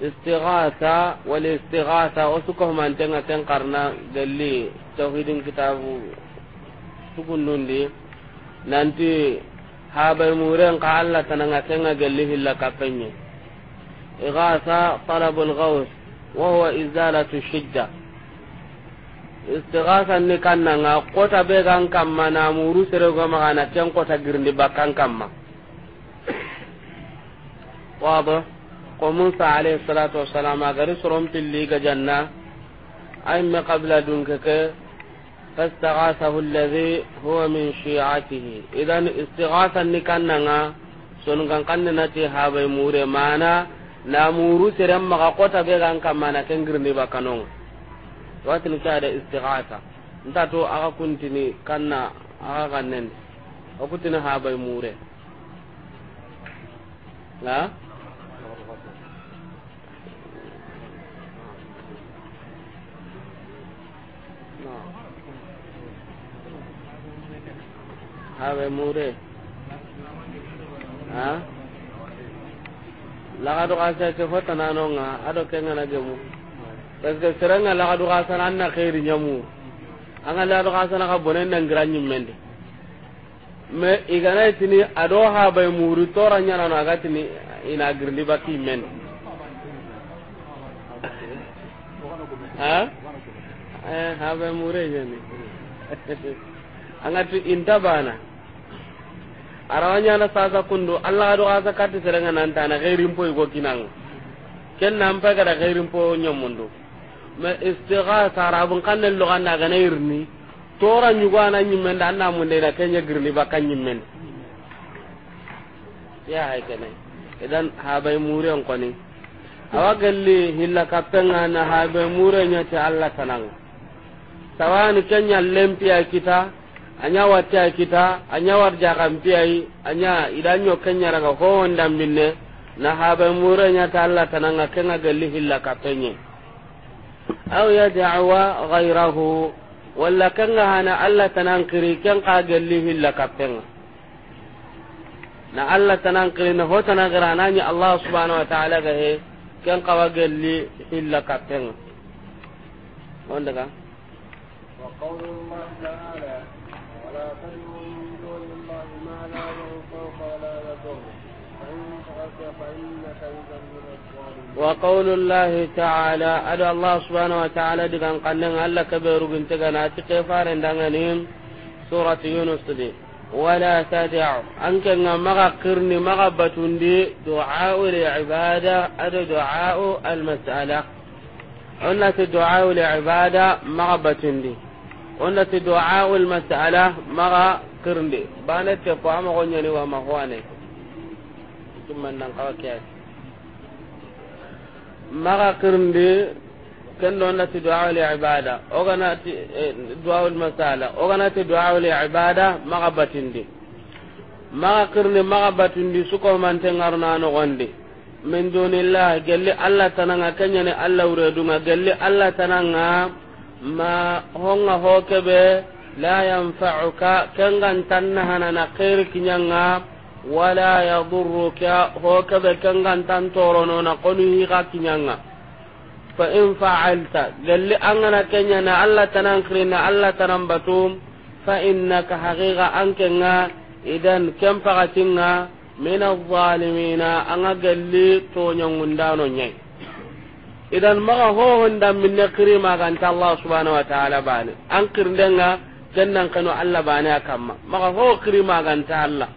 istighatha wal istighatha osuko man tenga ten karna galli tauhidin kitabu sugunnundi nanti habai muren ka Allah tananga tenga galli hilla kapenye ighatha talabul ghaus wa huwa izalatu shidda istighatha ni kannanga kota be gan kamma na muru sere go magana ten kota girndi bakkan kamma ko musa alayhi salatu wassalam agari soron tilli ga janna ay ma qabla dun keke fastaghasahu alladhi huwa min shi'atihi idan istighasan ni kannanga sonu kan kanne ti habay mure mana na muru tiram maka kota be kan kamana kengirni bakanong ni ta da istighatha nda to aka kuntini kanna aka kannen akutini habay mure na hawe mure ha lagadu kasa ke fota nanonga ado kenga na gemu parce que seranga lagadu kasa nan na khairi nyamu anga lagadu kasa na ka bonen nan granyu mende me igana tini ado ha bay muru tora nyana na ga tini ina girndi baki men ha eh ha bay mure yani anga tu intabana arawanya na sasa kundo Allah do asa kati serenga nan tana gairin po go kinang ken nan pa kada gairin po nyomundo ma istighatha arabun kan lo ganda ga ni. tora nyugo na nyimmen dan na mun da kenya girni ba kan nyimmen ya hay kana idan ha bai mure on koni awa galli hilla kapenga na ha bai mure nya ta Allah tanang tawani kenya lempia kita anya watta kita anya warja kampiyai anya idanyo kenyara ga ko wanda minne na haba muranya ta Allah tananga kenga galli hilla kapenye aw ya da'wa ghayrahu walla kenga hana Allah tanan kiri ken ka galli hilla kapenga na Allah tanan kiri na hota na garanani Allah subhanahu wa ta'ala ga he ken ka wa galli hilla kapenga wanda daga wa ta'ala فيتخذوا من دون الله ما لا ينفعك ولا يضرك وقول الله تعالى أدى الله سبحانه وتعالى دقان قلنا ألا كبير بنتقنا تقفار دقانين سورة يونس دي ولا تدع أنك مغا قرني مغا بتندي دعاء العبادة أدى دعاء المسألة أنك دعاء العبادة مغا بتندي onati du'aul mas'ala maga kirnde bana te ko ama ko nyani wa mahwane tumman nan ka kya maga kirnde ken don nati du'aul ibada ogana ti eh, du'aul mas'ala ogana ti du'aul ibada maga batindi maga kirnde maga batindi suko man te ngarna no gonde min dunillah gelli allah tananga kenyane allah uredunga gelli allah tananga ma honga hokebe la yanfa'uka kengan tannahana na khair kinyanga wala yadurruka hokebe kengan tan torono na qonu higa kinyanga fa in fa'alta lalli angana kenya na alla tanan kirina alla tanan batum fa innaka haqiqa ankenga idan kem pagatinga min adh-dhalimina anga galli to nyangundano nyai idan maga hohon kirima kiri anta allah subhanahu wa ta'ala bani an kirndenga dannan kanu allah bani a kamma maga ho kiri anta allah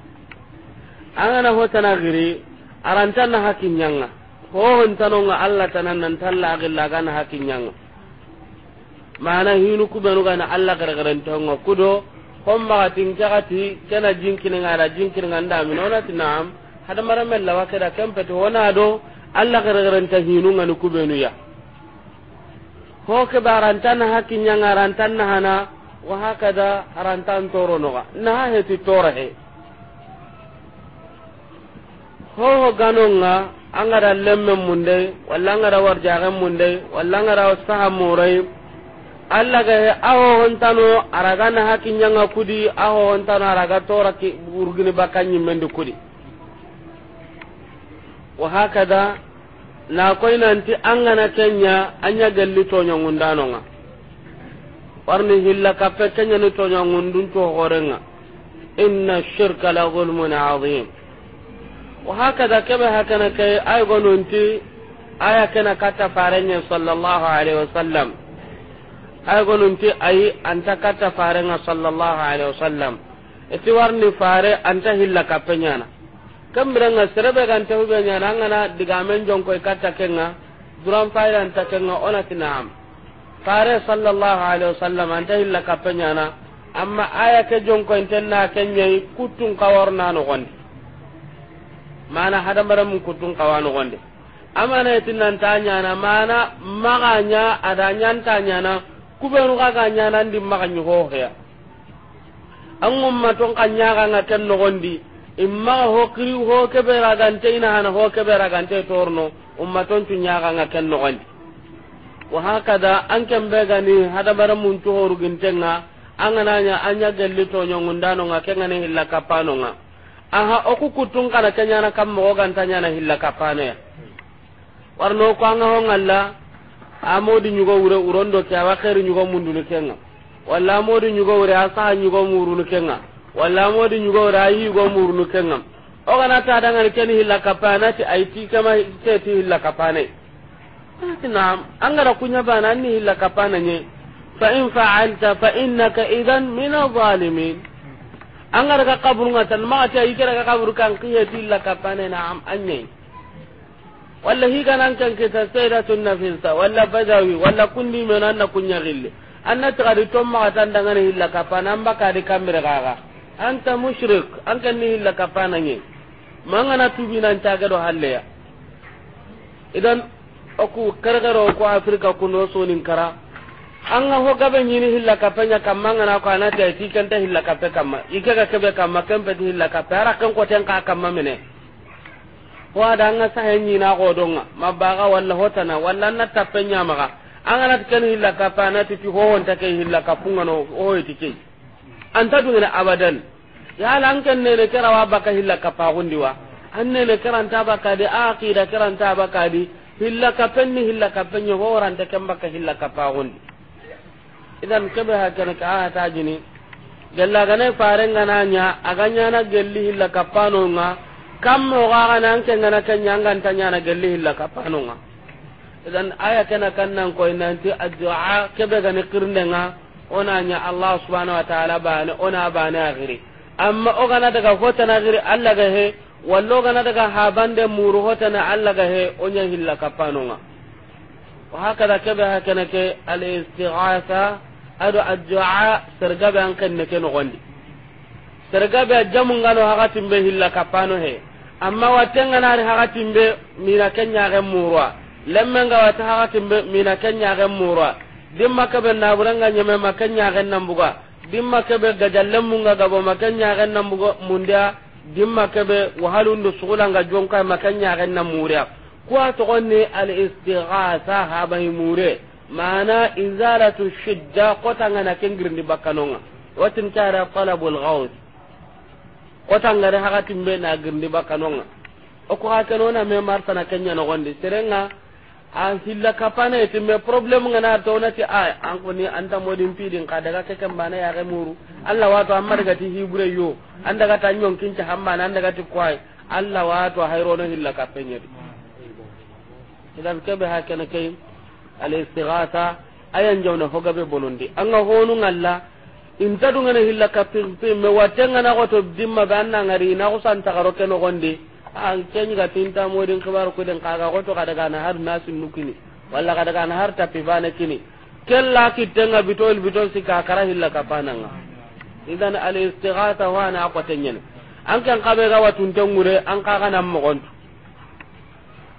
an ho tana giri arantanna yanga hohon tanonga allah tanan nan talla agilla hakin yanga mana hinu ga na allah tonga kudo hommagatin kagati jinkin jinkininga ada jinkininga nona tinam hada maramella wakada kempeto kempete wonado alla gargaranta hinungani ya ho kebarantana hakkinyanga na hana wa hakada arantan toro noga naha heti tora he hoho nga angada lemme munde walla angada warjage munde walla angada saha murai Allah ga he aho hontano aragana naha kinyanga kudi aho hontano araga tora ki urgini bakanyi mende kudi wa hakada na koy nanti an gana kenya anya galli tonya ngundano nga warni hilla kappe kenya ni tonya ngundun to horenga inna shirka la zulmun azim wa hakada kebe hakana kay ay gononti aya kana kata farenya sallallahu alaihi wasallam ay gononti ay anta kata farenga sallallahu alaihi wasallam eti warni fare anta hilla kappe nyana kambiranga serebe ganta hube diga men jong koy katta kenga duram fayran ta kenga ona tinam fare sallallahu alaihi wasallam anta illa kapenya na amma aya ke jonko intenna kenya kutun kawarna no gonde mana hada mun kutun kawano gonde amana itinan tanya na mana maganya adanya tanya na kubenu kaga nyana ndi maganyu ho ya an umma ton kanya ga ngaten no gonde imma hokiri ho kebera gante ina hana ho kebera gante torno umma tontu nyaaga nga ken no gandi wa hakada an kan bega ni hada bara mun to horu gintenga an ananya anya gelli to nyongunda no nga kenga ne hilla kapano nga aha oku kutung kana kenya na kam mo ganta nya na hilla kapano ya warno ko an ho ngalla amodi nyugo wure urondo kya wa khair nyugo mundu ni kenga walla amodi nyugo wure asa nyugo muru ni kenga wala modi nyugo rayi go murnu kengam o gana ta ni ken hilla kapana ti aiti kama ke ti hilla kapane nam angara kunya bana ni hilla kapana nye fa in fa'alta fa innaka idan min adh-dhalimin angara ka kaburu ngatan ma ta ikira ka kabur kan kiye ti hilla kapane nam anye walla higa nan kan ke ta sayda sunna filsa walla badawi walla kundi menan anna kunya gille anna tagari tomma tan ni hilla kapana amba ka de kamira gaga anta mushrik an kan ni la kapana nge mangana tubi nan taga do halle ya idan aku kargaro ko afrika kuno so nin kara an ga hoga ni ni hilla kapanya kam mangana ko anata ti kan ta hilla kape kam ike ga kebe kam kan be hilla kape ara kan ko tan ka kam mamene ko ada an hen ni na ko donga mabaga walla hotana walla na tapenya maga an ga nat kan hilla kapana ti ho ta ke hilla kapunga no o ti ke anta dungina abadan yala an kan nene kera wa baka hilla kapagundi wa an nene kera anta baka di aqida kera anta baka di hilla penni hilla kapenni horanta ken baka hilla kapagundi idan kebe hakana ka aha tajini gella gane ngana nya aganya na gelli hilla pano nga kam mo gaga an ken ngana ken nyanga tanya na gelli hilla pano nga idan aya kana kannan ko nanti addu'a kebe gane nga. ona nya allah subhanahu wa ta'ala bane ona bane agiri amma ogana daga hotana agiri allah ga he wallo gana daga habande muru hotana allah ga he onya hilla nga wa hakada kebe na ke al istighatha ado sarga ba an kan ne no gondi ba jamu ngano hakatin timbe hilla kapano he amma watenga na ri hakatin be mina kenya ga murwa lemmenga wata hakatin timbe mina kenya ga murwa dimma kebe naburanga nyeme makanya ganna nambuga dimma kebe gajallen munga gabo makanya ganna nambuga munda dimma kebe wahalundu sugulanga jonka makanya ganna muriya kuwa togonni al istighatha bay mure mana izalatu shidda kotanga na kengirndi bakanonga watin kara talabul ghaus kotangare hakatimbe na o bakkanonga oku hakenona me na kenya gondi serenga an hilla kapane ti me problem ngana to na ti ay an ko ni anda modin pidin ka daga ke kamba na ya ga muru Allah to amma daga ti hibure yo an daga ta nyon kin ta hamma nan daga ti kwai Allah to hayro no hilla kapane ti idan ke be hakana kai al istighatha ayan jawna hoga be bonondi an ga honu ngalla in ta dunga hilla kapin pe me watenga na ko to dimma ba nan ngari na ko santa garo ke no gonde an kenyi ga tinta modin kabar kudin den kaga goto daga na har nasin nukini walla daga na har tapi bana kini kella kitenga bitol bitol sika kara hilla kapananga idan al istighatha wa na qatanyen an kan kabe ga watun tangure an kaga nan mo gontu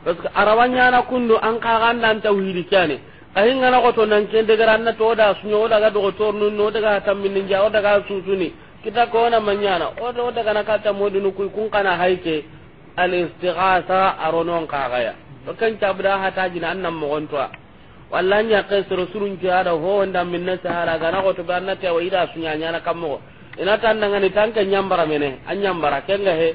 parce que arawanya na kundu an kaga nan tawhidi kyane ahin ngana goto nan ran na to da su nyo daga do tornu no daga tammin ja o daga susuni kita ko na manyana o do daga na kata modinu kun kana haike الاستغاثة أرونون قاغايا وكان تابدا هتاجنا أن مغنتوا walla nya kesro surun ki da ho wanda min na sahara gana goto to na ta waida sunya nya na kammo ina tan nan ni kan nyambara mene an nyambara ga he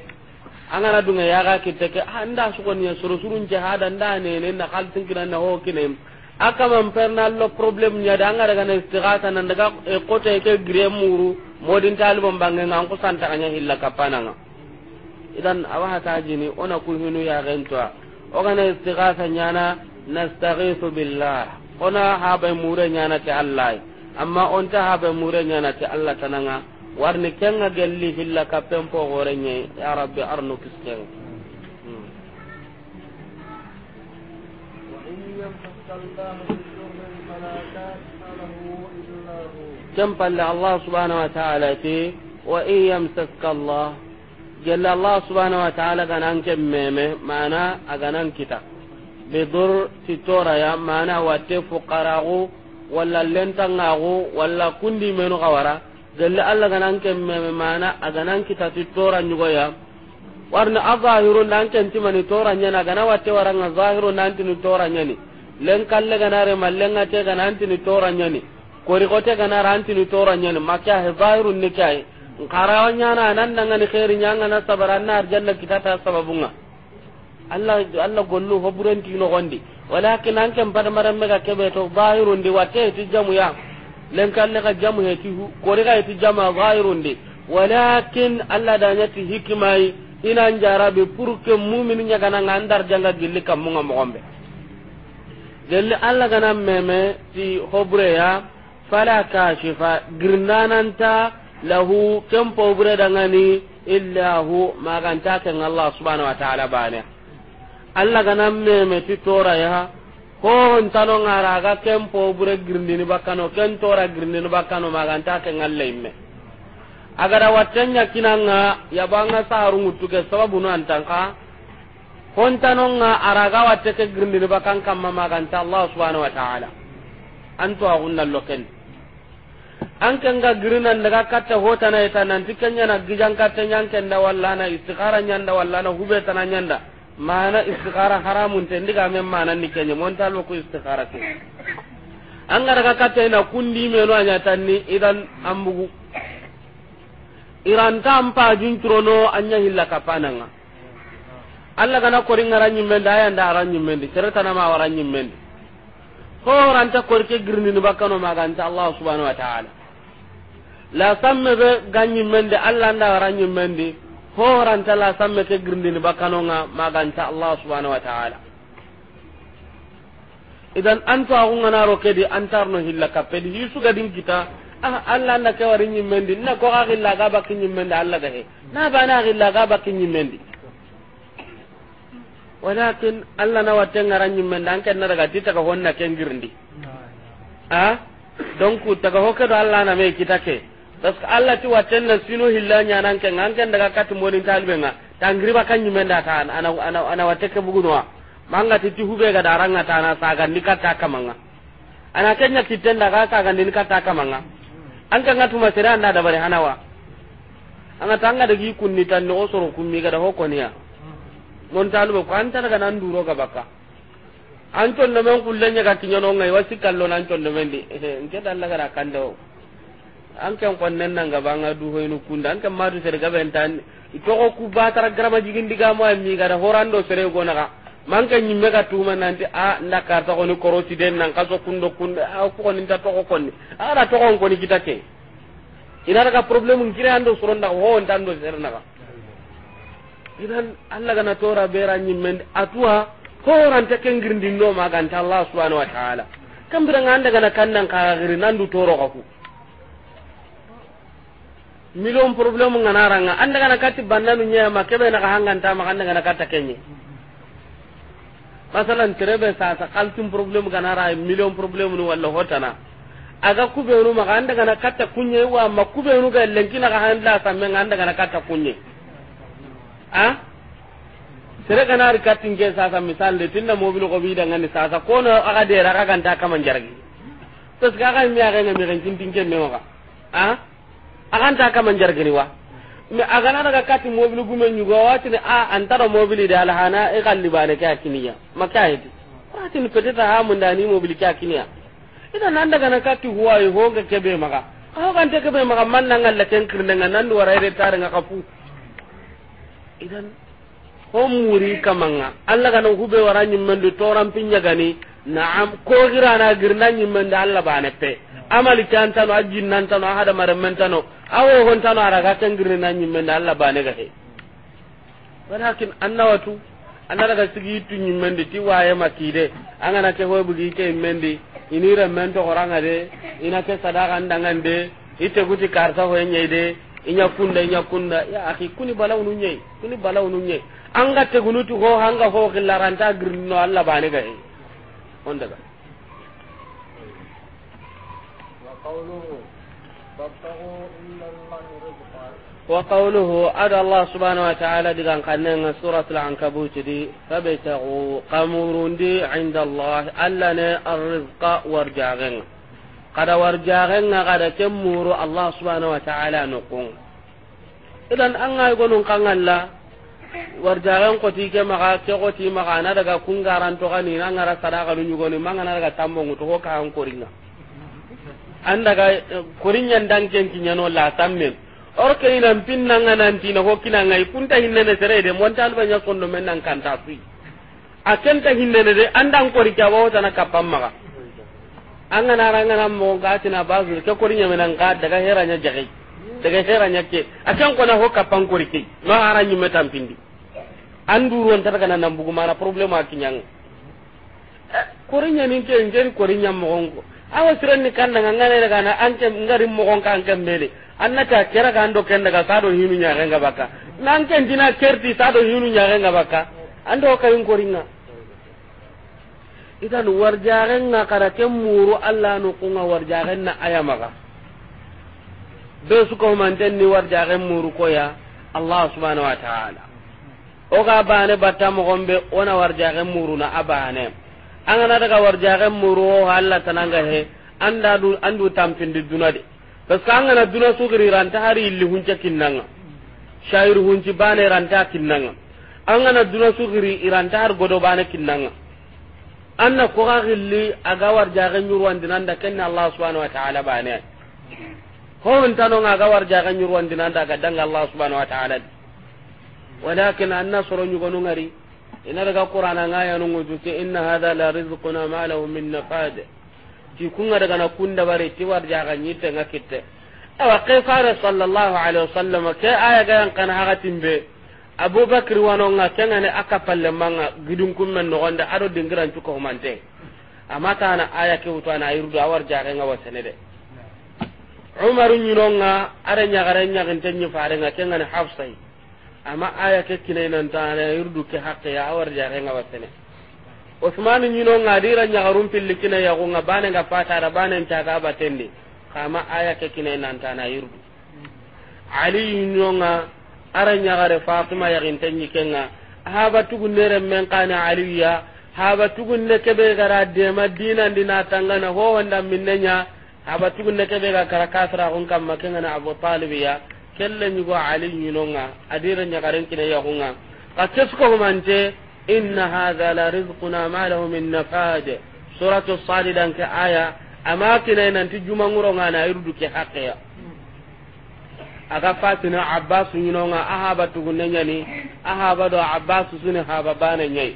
angana dunga ya ga kitta ke anda ah, su ko ni suru surun jihada nda ne ne na kaltin kina na ho kine aka man pernal lo problem nya da angara na istighatha nan daga eh, ko te ke gremuru modin talibon bangen an ko santa kanya hilla kapananga idan awa jini ona ku hinu ya gantwa ogana istighatha nyana nastaghithu billah ona habe mure nyana ta allah amma onta habe mure nyana ta allah tananga warni kenga gelli hilla kappen po gorenye ya rabbi arnu kisken كم قال الله سبحانه وتعالى wa وإن يمسك الله gella allah subhanahu wa ta'ala ganan ke meme mana aganan kita bidur titora ya mana wate fuqaragu walla lentangagu walla kundi menu kawara gella allah ganan ke meme mana aganan kita titora nyugoya warna azahiru nan ken timani tora nyana gana wate waranga zahiru nan tinu tora nyani len kalle ganare mallenga te ganan tinu tora nyani kori kote ganara antinu tora nyani makya he zahiru nikai nkarawa nyana nan da ngani khairi nyanga na sabara na arjanna ta sababunga Allah Allah gollu hoburen tino gondi walakin an kan bar maran mega kebe to bahirun di wate ti jamu ya len kan le ka jamu he ti ko re ka ti jama bahirun di walakin Allah da nyati hikmai ina njara pour que mu'minin nya kana ngandar janga gilli kam mu ngombe gelle Allah kana meme ti hobure ya fala kashifa girnananta lahu ken pobure dangani illa hu maganta ken allah subhanahu wa ta'ala bane allah gana me ti tora ya ko ntano ngara ga ken pobure ni bakano ken tora ni bakano maganta ken allah imme agara ya kinanga yabanga saharu ke sababu no antanka nga araga watte ke girndini bakan kamma maganta allah subhanahu wa ta'ala antu agunna lokeni an kan ga da daga katta hota na ita nan tikan yana gijan katta yankan da walla na yan nyanda walla na hube tana nyanda mana istikhara haramun te ndiga men mana ni kenya mon talo ku istikhara ke an ga daga katta ina kundi me no anya ni idan ambugu iran ampa jin trono anya hilla kapananga Allah kana koringa ranyi menda ayanda ranyi mendi na ma waranyi mendi horanta korke girnini bakkano maganta allah subhanahu wa ta'ala la samme be ganyimmende allah nda wara nyimmende horanta la samme ke girndini nga maganta allah subhanahu wa ta'ala idan anto agunganaro kedi antarno hilla kappedi hisugadin kita ah allah anda ke wari ñimmendi na ko a xilla ga bakki ñimmendi allah ga he na bana a xilla ga bakki ñimmendi walakin allah na watte ngaran men dan kan daga tita ka honna ken girndi a ku daga hokke do allah na me kitake ke. que allah ti watte na sino hillanya nan ken an kan daga kat modin talbe nga tangri ba kan men da ta ana ana ana watte ke bugunwa manga ti ti hube ga daran ta na saga nikata kamanga ana kenya kitten daga saga nikata kamanga an kan ngatu sere anda bare hanawa anga tanga gi kunni tan no soro kummi ga da hokoniya montanu ba ko an tan kana nduro ga baka an ton na man kullan ya ga tinyano ngai wasi kallo nan ton na mendi en ke dalla gara kando an kan kon nan nan ga banga du hoyno kunda an kan madu sere ga bentan to ko ku ba tara grama jigin diga mo am mi gara horando sere go na ga man kan nyimme ga tuma nan ti a ndaka ta ko ni koroti den nan ka zo kundo kunda a ko ko ni ta to ko kon ni ara to ko ni kitake ina daga problem ngire ando suronda ho ndando sere na ga idan Allah gana tora bera nyimmen atwa horanta kengirndi no ta Allah subhanahu wa ta'ala kambira nga anda gana kannan nan du toro kaku million problem nga an anda gana kati bandanu nyama kebe na ta ma kan gana kata kenye masalan sa sasa kaltum problem gana rai million problem nu walla hotana aga kubenu maka anda gana kata kunye wa ma makubenu ga lenkina kahanda samme nga anda gana kata kunye a sere kana ri katin ke sasa misal de tinna mobil ko bi dangan sasa no aga de ra kan ta kaman jargi to ska ga mi aga ne mi ren tin ke me ka a akan ta kaman jargi ni wa mi aga na daga katin mobil gume go wa ne a antara mobil de hana e kalli bane ka kiniya maka yiti ratin ta ha mun dani mobil ka kiniya idan nan daga na kati huwa e ho ga kebe maka ho kan te kebe maka man nan Allah ken kirnga nan wara ire tare nga kafu idan ho muri kamanga Allah kana hube wara nyimmendu toran pinya gani na'am ko girana girna nyimmendu Allah bane pe amali tantano ajinnan tano hada maramman tano awo hon tano araga kan girna nyimmendu Allah bane ga he walakin annawatu anara daga sigi tu nyimmendu ti waye makide angana ke ho bugi ke mendi ini remmen to horanga de ina ke sadaka de ite guti karta ho de. inya kunda inya kunda ya akhi kuni balaw nu kuni balaw nu nyai anga tegunutu ho hanga ho khilaranta girno alla bane ga e. on daga wa qawluhu illa rizqa wa qawluhu ada allah subhanahu wa ta'ala digan ankabut di qamurundi inda allah arrizqa kada warjaxenga kada ken allah subhanahu wa taala nokonga idan an ga gonun kangalla warjaxen koti ke maka ke ti maka na daga kungarantogani na ngara ni manga na daga tambongutu ho ko ka an daga korinñan nyano la tammen or ke inan pinnanga nantina ho kinangai kunta hinnene serede banya kondo men nan kanta sui a ken ta hinne ne de andan kori ke awawotana kappan maka. an angana rangana mo gatina bazur ke korinya menan ga daga heranya jage daga heranya ke a akan kona ho kapan korike no aranyi metam pindi anduru on tata kana nambugu mana problem akinyang eh, korinya nin ke ngeri korinya mo gongo awa siran ni kanda ngana daga na ke ngari mo gonka anke mele annata kera ga ando kenda ga sado hinu nya renga baka n'an nanke ndina kerti sado hinu nya renga baka ando kayin na. idan warjaren na karaken muru Allah no kunga warjaren na aya maga be su ko manten ni warjaren muru ko ya Allah subhanahu wa ta'ala o ga bane batta mo gombe ona warjaren muru na abane an ana daga warjaren muru o Allah tananga he anda du andu di dunade parce que an gana duna sugiri ranta hari illi hunja kinnanga shayru hunci bane ranta kinnanga an gana duna sugiri iranta har godo bane kinnanga anna ko ga gilli aga war jaga nyurwan dinanda kenna allah subhanahu wa ta'ala bane ko on tano ga war jaga nyurwan dinanda ga danga allah subhanahu wa ta'ala walakin anna soro nyugo ngari ina daga qur'ana ngaya no ngudu ke inna hadha la rizquna ma lahu min nafad ti kunga daga na kunda bare ti war jaga nyite ngakitte awa qifara sallallahu alaihi wasallam ke aya ga kan hagatin be abubakar wanonga ne aka palle manga gidun kummen wanda aro dingiran cuka humante amma na aya ke wuto ana ayirdu awar nga wasane de umaru nga are ñagare ñaginte nga farenga ne hafsay amma aya ke na ana ayirdu ke haqqeya awar jakenga wasene usmanu ñinonga adira ñagarum pilli kina fata da bane nta ka batende kama aya ke ta na ayirdu ali nga. ara nyagare fatima yaginte ñikenga haba tugunneren men kana aliya haba tugunne kebe gara de madina dina tangana howondan minne ña haba tugunne keɓe ga kara kam kamma na abu talibiya kelle ñugo ali ñinonga adira ñagaren kine yagunga ka manje inna hadha la rizquna ma lahu min nafad suratu ka aya ama kinai nanti irudu ke haqeya aga fatina abbasu ñinonga a haba tugunne ñani a haba do abbasu suni haba bane ñayi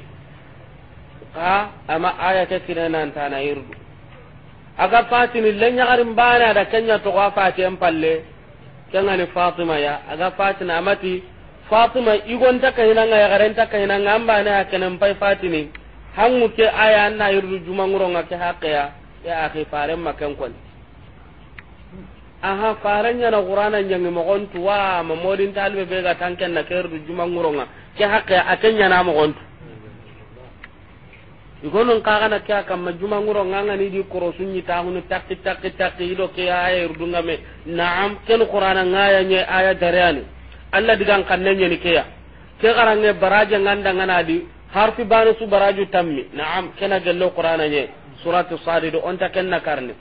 ka ama aya ke kinenantana yirdu aga fatini le ñagarin bana da kenya togo a fatien palle kengani fatima ya aga fatina amati fatima igonta kahinanga yagarenta kahinanga an bane a kenen pay fatini hangu ke aya anna yirdu jumanguronga ke haqqeya ya akhi faren maken aha faranya na qur'ana nyangi mo gontu wa ma modin talbe be ga tanken na du juma nguronga ke hakke atenya na mo gontu igonon kaga na kya kam juma nguronga ngani di koro sunni ta hunu takki takki takki do ke ayer dunga ngame na'am ken qur'ana ngaya nye aya dareani alla digan kanne nye ni ya ke garange baraje nganda ngana di harfi banu su baraju tammi na'am kena gello qur'ana nye suratu sadid on ta na karne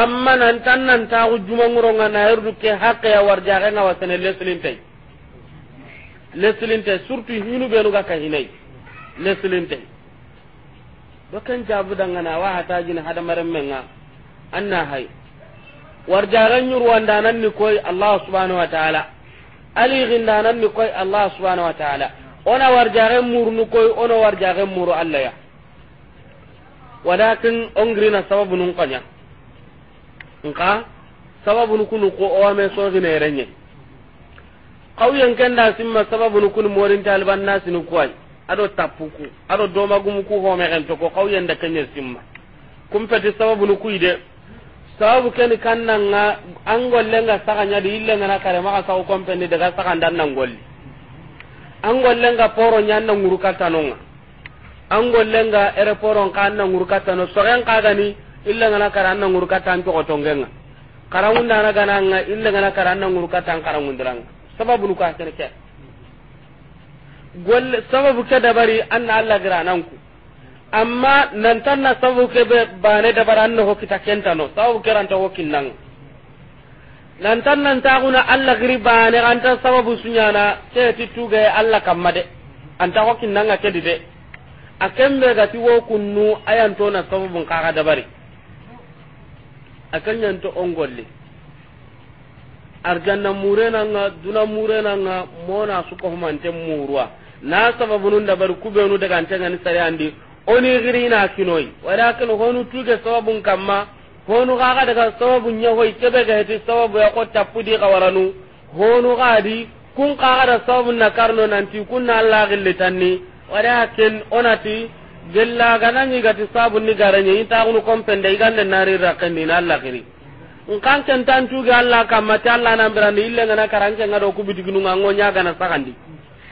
amma nan tan nan ta ku juma nguronga na yurdu ke haqqe ya warja ga na wasane leslinte leslinte surtout hinu be nuga ka hinai leslinte bakan jabu danga na wa hata jin hada maran menga anna hay warja ga nyuru wanda nan ni koy allah subhanahu wa ta'ala ali ginda nan ni koy allah subhanahu wa ta'ala ona warja ga nu koy ona warja ga muru allah ya walakin ongrina sababu nun qanya nka sababu sababunu kunu ko renye soxineerenye yen kenda simma sababunu kunu morin taliban nasini kuway tapuku ado doma gumu ku ho me ko toko yen da kenye simma kum fati sababu kuyi de sababu keni nga an gollenga kare ma sa ko kompeni daga dan nan golli an nga poro nan nguru kattanonga an nga aéroport poro an na nguru ren kaga ni. illa ngana karanna ngur katan to otongenga karangunda na gananga illa ngana karanna ngur katan karangundrang sababu luka ka kene ke gol sababu ke dabari anna alla ku amma nan tanna sababu ke bane dabara no hokita no sababu ke ranta hokinnang nan tanna nan taguna alla giri bane anta sababu sunyana ke tituge alla kamade anta hokinnanga kedide akembe gati wo kunnu ayantona sababu kaga dabari akan yanto ongolle arganna murena nga duna murena nga mona su ko sukohumante murwa na sababu nun da bar kubenu daga ni sare andi oni girina kinoi wala kan honu tuge sababun kamma honu gaga daga sababun yahoyi kebe ga heti sababu ya ko tappudi kawaranu honu gadi kun kaka da sababun na karno nanti kun na allah wala kan onati gella gana ni gati sabu ni garanye ita kunu kompen da igande nari rakandi na Allah kini nkan ken tu tuge Allah kamma ta Allah nan birande ille ngana karanke ngado bitu ginu ngango nya na sakandi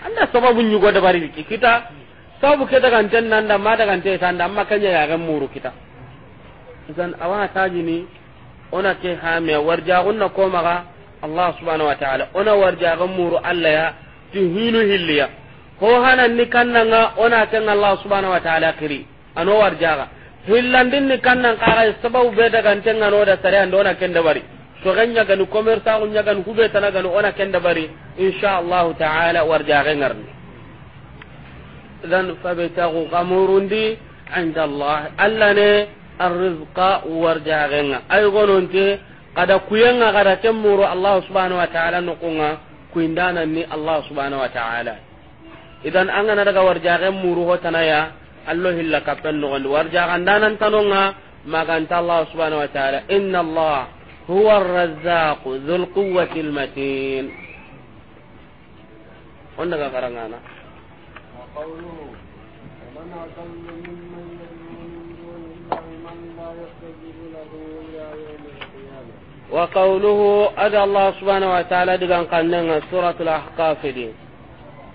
anda sababu nyugo da bari kita ke daga tan nan da ma daga nda amma kanya ya ga muru kita zan awa taji ni ona ke ha me warja gunna ko maga Allah subhanahu wa ta'ala ona warja ga muru Allah ya tuhinu hilliya ko hanan ni nga ona ken Allah subhanahu wa ta'ala kiri ano warjaga din ni kannan qara sabab be daga tenga no da sare ando ona ken da bari to ganya ganu komerta gunya ganu hube tana ganu ona ken da bari insha Allah ta'ala warjaga ngarni dan fabtagu qamurundi inda Allah alla ne arrizqa warjaga nga ay gononte kada kuyenga kada temmuru Allah subhanahu wa ta'ala no kuindana ni Allah subhanahu wa ta'ala idan an gana daga warjagen muru hotana ya allo hilla no nogondi warjagan danan tanonga maganta allah subhanahu wa ta'ala inna allah huwa arrazzaq dzul quwwati almatin on daga karangana وقوله أدى الله سبحانه وتعالى دقان قلنا سورة الأحقاف دي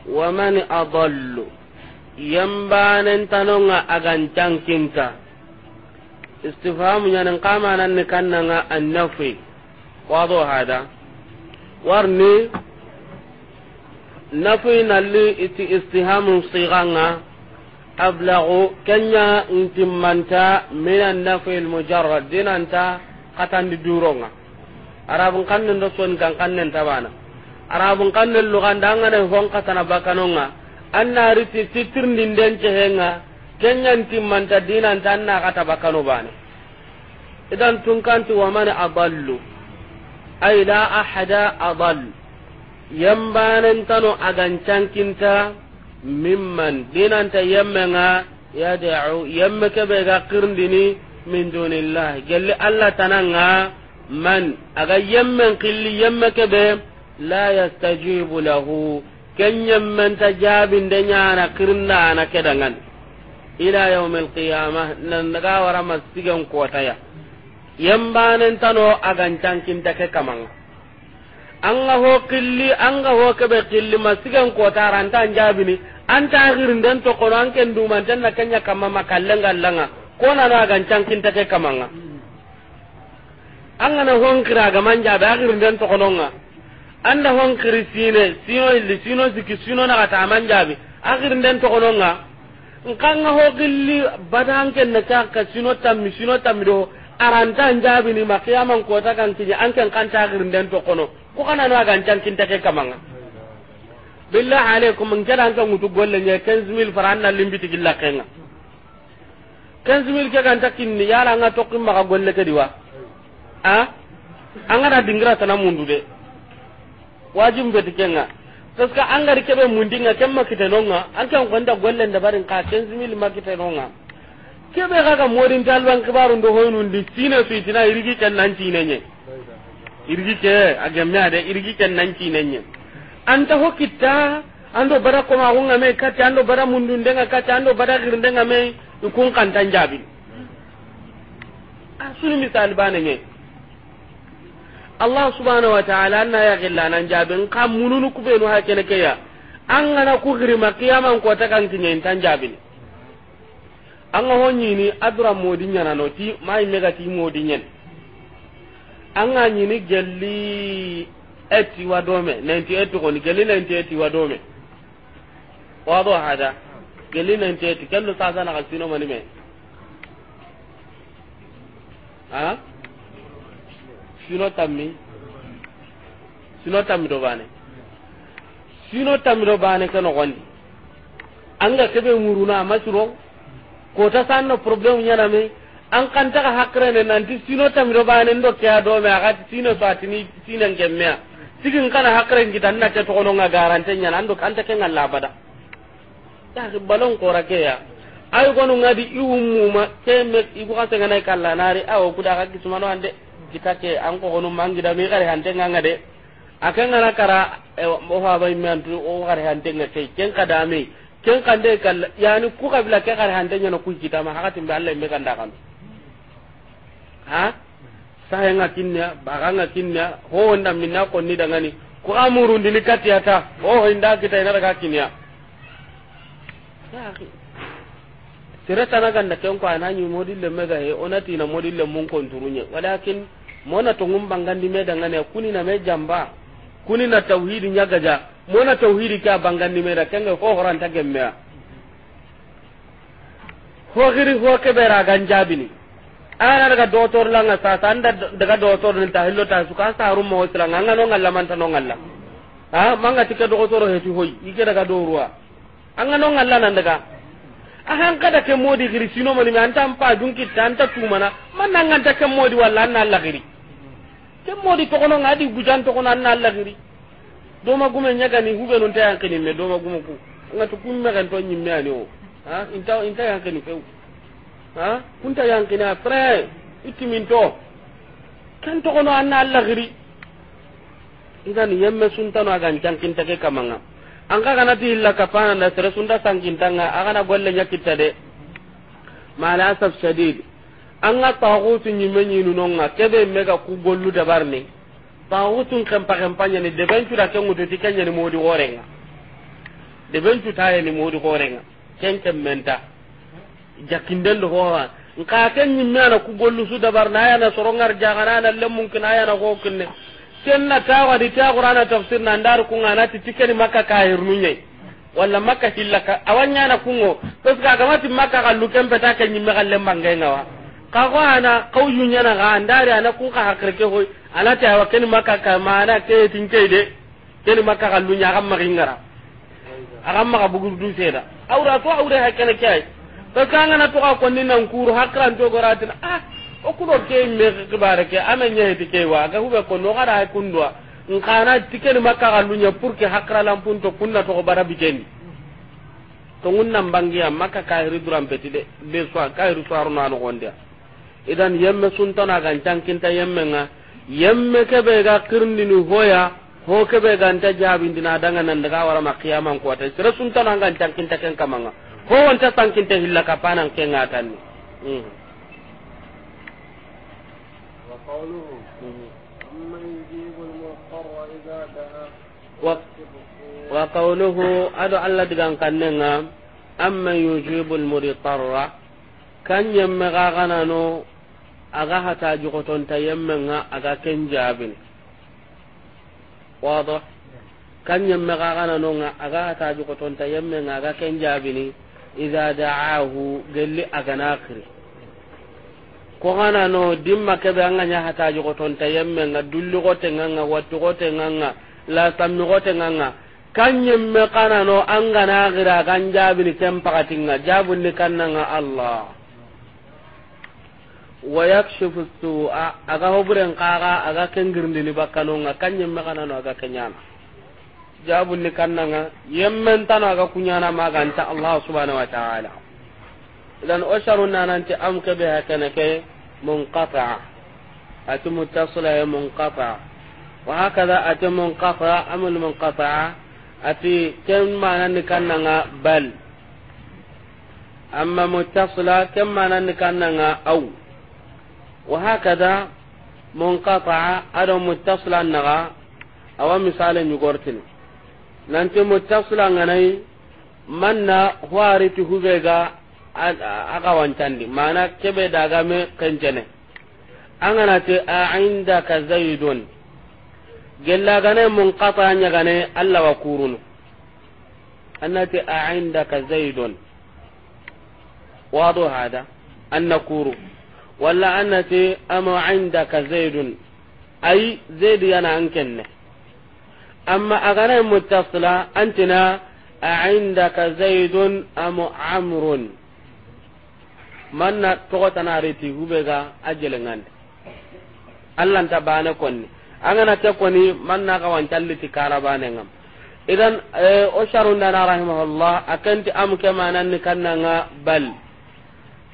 ومن أضل yambanen tanonga agan cankinta istifhamu ñanin kamananni kannanga annafi wado hada warni nafi nalli iti istihamu siganga ablagu kenya ntimmanta min annafi almujarrad dinanta katan katandi duronga arabun kannin do son kan kannen tabana arabun da kannel luganda angana honkatana bakanonga anna riti titirdinden cehenga kenyantimmanta dinanta anna kata bakano bane idan tunkanti waman aballu. ay la ahada adal yambanentano agancankinta mimman dinanta yemmenga yadau yemme keɓe ga kirndini min dunillahi gelli allah tananga man aga yemmen killi yemme be. la yastajibu lahu kenyam man tajabin de nyana kirnda na kedangan ila yawmil qiyamah nan daga wara masigan kota ya yambanen tano agan tankin ta ke kamanga an ga ho killi an ga ho ke be killi masigan kota ranta jabini an ta girindan to kono an ken duman tan na kenya kamma makallanga langa ko na na agan tankin ta ke kamanga an ga na hon kira ga manja ba girindan to kono nga anda hon kristine sino illi sino ziki sino na kata aman jabi akhirin den to kononga nkanga ho gilli badan ken na ka ka sino tammi sino tammi do aranta jabi ni makiyaman ko ta kan kiji an kan kan ta akhirin den to kono ko kana na gan can kin ta ke kamanga billahi alaikum min jadan kan mutu golle ne 15000 faranna limbiti gilla kenga 15000 ke kan takinni yala nga tokki maka golle ke wa a an ga dingira tana de wajib ga kenga parce que an gari kebe mundinga kemma kitenonga an kan gonda gollen da barin ka 15 mil ma kitenonga kebe kaga modin talban kibarun do hoynun di sine itina irigi ken nan tinenye irigi ke agemme ade irigi ken nan tinenye anta ho an ando bara ko ma hunga me kati ando bara mundun denga kati ando bara girndenga me kun kan tanjabi asuni misal banenye allah subhanahu wa ta'ala anna ya gilla nan jabin kan mununu ku benu ha kene kaya an gana ku girma kiyaman ko ta kan kinyen tan jabin an ga honni ni adra modin yana noti mai mega ti modin yan an ga ni ni gelli eti wa dome 98 ko ni gelli 98 wa dome wado hada gelli 98 kallo sana na sino mani me ha sino tammi sino tammi do bane sino tammi do bane kan gondi anga kebe muruna masuro ko ta sanno problem nyana me an kan ta hakre ne nanti sino tammi do bane ndo ke ado me aga sino fatini sino ngemmea sigin kana hakre tan na ta to nga garante nyana ndo kan ta kenga labada ta balon ko ya ay gonu ngadi iwumuma keme ibu kase nganai kallanari awo kuda ka kisumano ande kita ke an ko gonu mangida mi gare hante nganga de akan ngana kara e, o ha bay man tu o gare hante ngate ken kadami ken kande kal yani ku kabila ke gare hante nyana ku kita ma hakati mbe Allah mbe kanda kan ha sahe nga kinnya baga nga kinnya ho onda minna ko ni dangani ko amuru ndini katiyata o hinda kita ina daga kinnya ya akhi sere tana ganda ken ko ananyi modille mega e onati na modille mun konturunye walakin mona to ngumban gandi me daga ne kuni na me jamba kuni na tauhidi nyagaja mona tauhidi ka bangandi me da kenga ko horanta gemmea ho giri ho ke bera ganjabini ana daga dotor langa sa sa anda daga dotor ni tahillo ta suka sa rum mo sira nganga no ngalla man tano ngalla ha manga tika dotor he tu hoy ike daga doruwa anga no ngalla nan daga ahan kada ke modi giri sino mani mi anta pa dun kitta anta tumana man nan anta ke modi walla anna Allah giri ke modi to kono ngadi gujan to kono anna Allah giri do ma gume nyaga ni hube non tayan kini me do ma gume ku ngatu kum me kan to nyimme ani o ha inta inta yan kini feu ha kunta yan kini apre itimin to kan to kono anna Allah giri idan yemme suntano agan jankin take kamanga an ka kana ti illa kapana da sere sunda sangintanga agana golle nyakitta de ma mala asaf shadid an ga taxutu nonga ñinunonga keɓe mega ku gollu dabarni taxutun kempa kempañani debencuda ke ŋututi ke ni modi xorenga ni modi xorenga ken kem menta jakindel do xoxa nka ke nyi mena ku gollu su ya ayana sorongar jaxana ana lemmunkina ayana xookinne kenna ta wadi ta qur'ana tafsir nan dar ku ngana ti tikeni makka kahir nunye walla makka hillaka awanya na kungo pes ka mati makka lukem beta ka kenyi ka galle mangai ngawa ka ko ana qawyu na ga andari ana ku ka ke hoy ana ta wa ken makka ka mana ke tinke de ken makka kallu nya gam magingara ma ka bugu du seda awra to awra hakana kai pes ka ngana to ka konni nan kuru hakran to goratin ah okudo ke me kibare ke nye heti ke wa ga hube ko no gara hay kundwa nkana tikeni makka lunya pour ke hakra pun to kunna to bara bikeni to ngunna mbangiya makka kairi duram beti de be so kairi so aruna no gondia idan yemme na gan ta yemme nga yemme kebe ga kirndini hoya ho kebe jabi dina danga nan daga wara ma qiyaman ko ta sira na gan ta ken kamanga ho wanta ta hilla panan ken ni. mm -hmm. قوله يجيب المضطر إذا wa qawluhu ado allah digan kannenga amma kan aga hata kan ga no nga aga hata ta nga aga ken idza da'ahu galli aga nakri ko gana no dimma ke be anga nya hata jo ton tayemme nga dulli ko te nga wattu ko te nga la tammi ko te nga kanyem me kana no anga na gira kan jabi ni tempa katinga jabun ni kannanga Allah wa yakshifu su'a aga hobren kaga aga kengirndi ni bakkano nga kanyem me kana no aga kenyana jabun ni kannanga yemmen tan aga kunyana maganta Allah subhanahu wa ta'ala idan o sharu nananti am kebe hakana ke munqata ati muttasila ya munqata wa hakada ati munqata amul munqata ati ken manani kannanga bal amma muttasila ken manani kannanga aw wa hakada munqata ado muttasila naga awa misale nyugortini nanti muttasila nganai manna huwariti hubega aga di mana kebe dagame kencene anganate gane mun kasa munqata gane allah wa a kurunu ka zai don wado hada na kuru walla ka zai don ayi zai zaid yana an kenne amma a agane mutasila zai don a mu amurun man manna togotana areti hubega a jelengandi allanta bane konni angana te koni na ka wancalliti kara bane ngam idan e, o sharundana rahimahullah akanti am ke mananni kannanga bal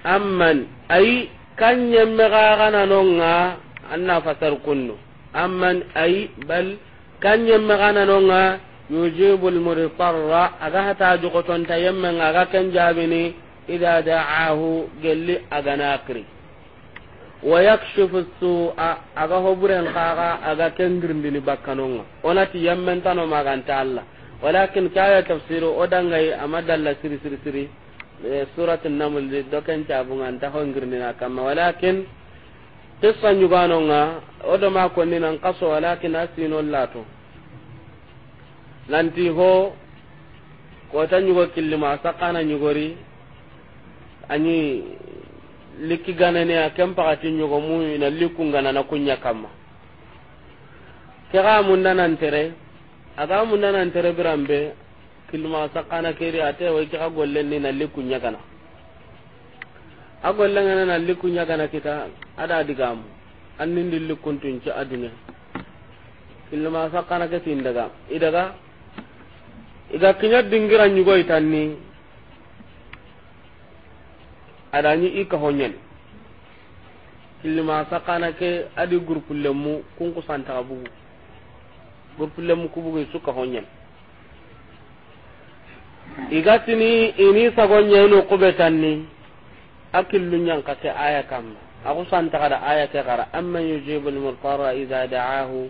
amman ayi kanyemme kagananonga anna fasar kunnu amman ayi bal kanyemme gananonga yujibu almuditarra aga hata jogotonta yemmenga aga ken jabini idha da'ahu gelli aganakri wa yakshifu su'a aga hoburen kaga aga kengirdini bakkanonga onati yammentano maganta allah walakin kaya tafsiru odangai amadalla siri siri siri surat naml di doken cabunganta hongirdina kamma walakin qissa ñuganonga odo ma konni nan kaso walakin asinol lato nanti ho kota ñugo killima sakana ñugori ani gana ne a ken pakati ñogo mu ina na kunya kamma kega mundanantere aga mundanantere biranbe kilma sakana keri ate wai kega ne na nya gana a gollengana na nya gana kita ada tun ci likkuntunci adune kilma sakana ke sin daga idaga iga kinya dingira ni. adani i ka honyen kilima sakana ke adi groupe lemu kun ku santa bugu groupe lemu ku bugu su ka honyen igatini ini sagonyenu kubetanni akillu nyanka ke aya kam aku santa kada aya ke kara amma yujibu al-murtara idha da'ahu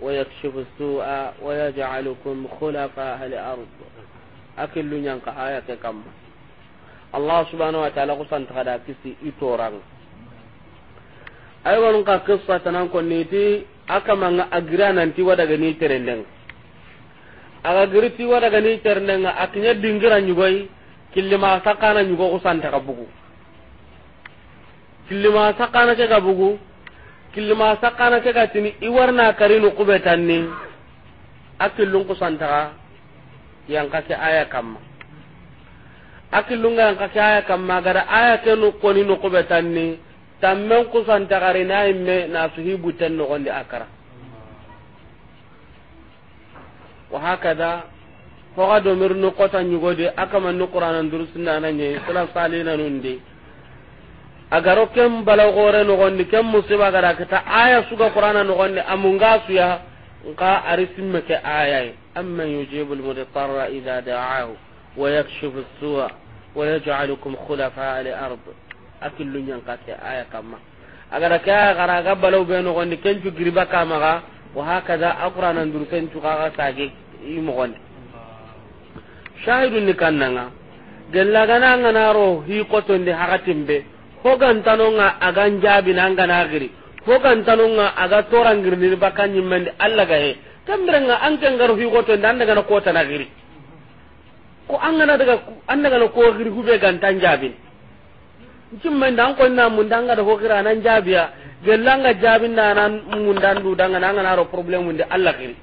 wa yakshifu as-su'a wa yaj'alukum khulafa al-ard akillu nyanka aya ke kam allah subhanahu wa ta'ala ku santa da kisi i toranga aywanun ka kissa tanan konniti a kamanga a gira nanti wadaga ni terendenga aga giriti wadaga ni terendenga a kiña dingira ñugoy killimasa kana ku santa ka bugu killimasa kana ke ka bugu killimasa kana ke ka tini i warna karinu kubetanni a killun kusantaxa yanka ke aya kamma akilunga an kake aya kamma gara aya kenu koni no ko betanni tammen kusan tagare na imme na suhibu tan no gonde akara wa hakada hoga do mir no kota nyugode akama no qur'an an na nanye sala salina nundi agaro kem bala gore no gonde kem musiba gara kata aya suga qur'an no gonde amunga suya nka arisimme ke aya amma yujibul mudtarra idha da'ahu ويكشف السوء ويجعلكم خلفاء الأرض أكل ينقاك آية كما أقرأ كا غرا قبلوا بينه غني كنتو قريبا كامغا وهكذا أقرأ نندر كنتو غاغا ساقي يمغن شاهد نكنا gellagana nganaro hikotondi hakatimbe hogantanonga agan jaabina anganagiri hogantanonga aga torangirnini bakka ñimmendi allah gahe kambiranga ankengaru hikotondi andagana kotanagiri ko an gana daga an daga na hiri hube gantan jabin jim men dan ko na mun danga ko kokira nan jabiya gellanga jabi na nan mun dan du dan nan na ro problem mun da Allah kiri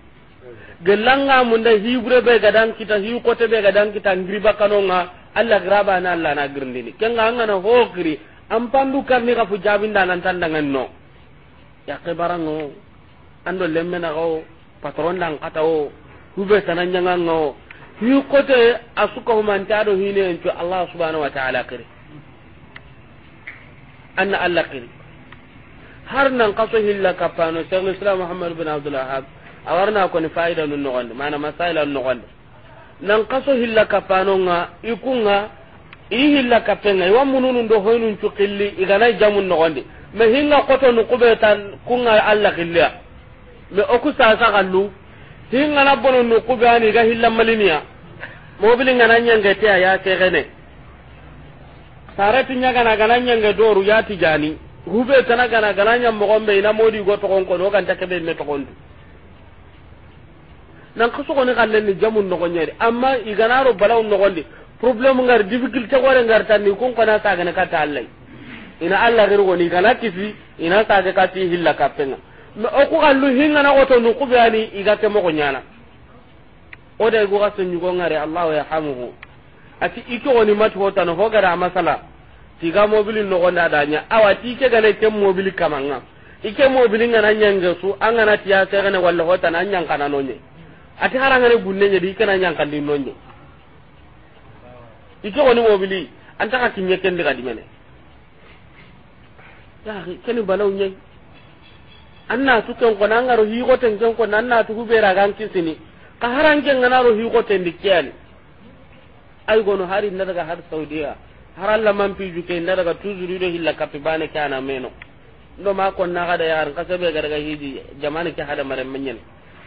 gellanga mun da hibre be dan kita hi te be dan kita ngri bakano nga Allah graba na Allah na girndini kenga an gana kiri an pandu karni ga fu jabi da nan tan danga no ya ke barango ando lemme na go patron dan kata o hube tananya ngo hi kote a humanta da hine enco allah subhanahu wa ta'ala kiri anna allah kiri har nan kaso hilla kafano sheikh islam muhammad bin abdul a warna ko ni faida nun nogonde mana masaila nun nogonde nan kaso hilla kafano nga ikunga i hilla kapenga wa mununun do hoynun cukilli igana jamun nogonde me hinga koto nu kubetan kunga allah killiya me oku sasa kallu ngana bono ku ani ga hilla maliniya mobili ngana nyange te ya tegene sarati nyaga na gana nyange doru ya tijani hube tana gana gana nyam mogombe ina modi go to konko do kan takebe ne to kondu nan ko ko ne kallen ni jamun no gonyari amma igana ro balaw no gondi problem ngar difficulty gore ngar tan ni kon kana saga ne kata Allah ina Allah gero ni gana kisi ina saga kati hilla kapenga oku gallu hingana goto nuku ani iga ke mogo nyana oda igu gaso nyugo ngare allah ya hamuhu ati iko oni mati hotano hogara masala tiga mobili gonda danya awa tike gane ke mobili kamanga ike mobili ngana nyange su angana tiya segene walla na no nonye ati harangane gunne nyedi ikana nyankandi nonye ike oni mobili antaka kinye kendi kadimene ya ni balaw nyai anna tu ken ko nanga ro higo ten ken ko nanna tu hubera gan kisini ka haran ken ngana ro ten dikyani ay gono hari na har saudiya haral la man piju ke na daga tuzuri do hilla kapibane kana meno ndo ma kon na da yar ka sebe gada hiji jamani ke hada maran menyen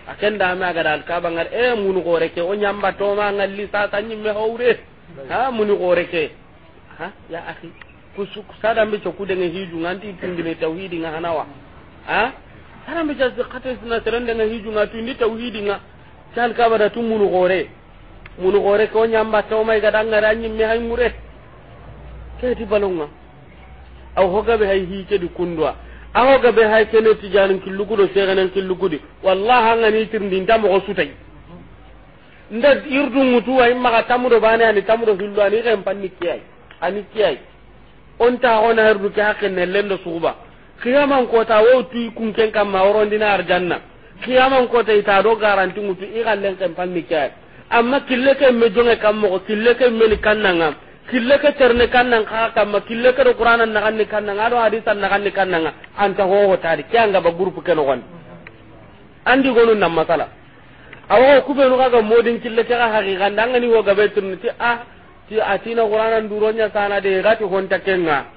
akan da ma gada alkaba ngar e munu gore ke o nyamba to ma ngalli sa tanyi me hawre ha munu gore ke ha ya akhi kusu sada mbi to kudenge hiju nganti tindine tauhidi ngahanawa ha haram bi jazz khata sunna serende nga hiju nga tu ndi tawhidi nga tan ka bada tu munu gore munu gore ko nyamba to mai ga danga ranyi mi hay mure ke ti balonga aw hoga be hay hi ke di kundwa aw hoga be hay ke ne ti ki lugu do ki lugu di wallahi ngani tirndi ndam ko sutay nda irdu mutu ay maga tamudo bane ani tamudo hillo ani rem panni kiyai ani kiyai on ta ona irdu ka hakken ne lendo suba kiyaman kota wo tu ken kam ma dina arjanna kiyaman kota ita do garanti mutu i gallen kan pammi kay amma kille ke me jonge kam mo kille ke me ni kannanga kille ke terne kannanga ka kam kille ke qur'anan na kan ni kannanga do hadisan na kan ni kannanga anta ho ho tari kyanga ba gurupu ke no gon andi gonu nam masala awo ku be no ga modin kille ke ga haqiqan ni wo gabe ti a ah, ti atina qur'anan duronya sana de gati hon takenga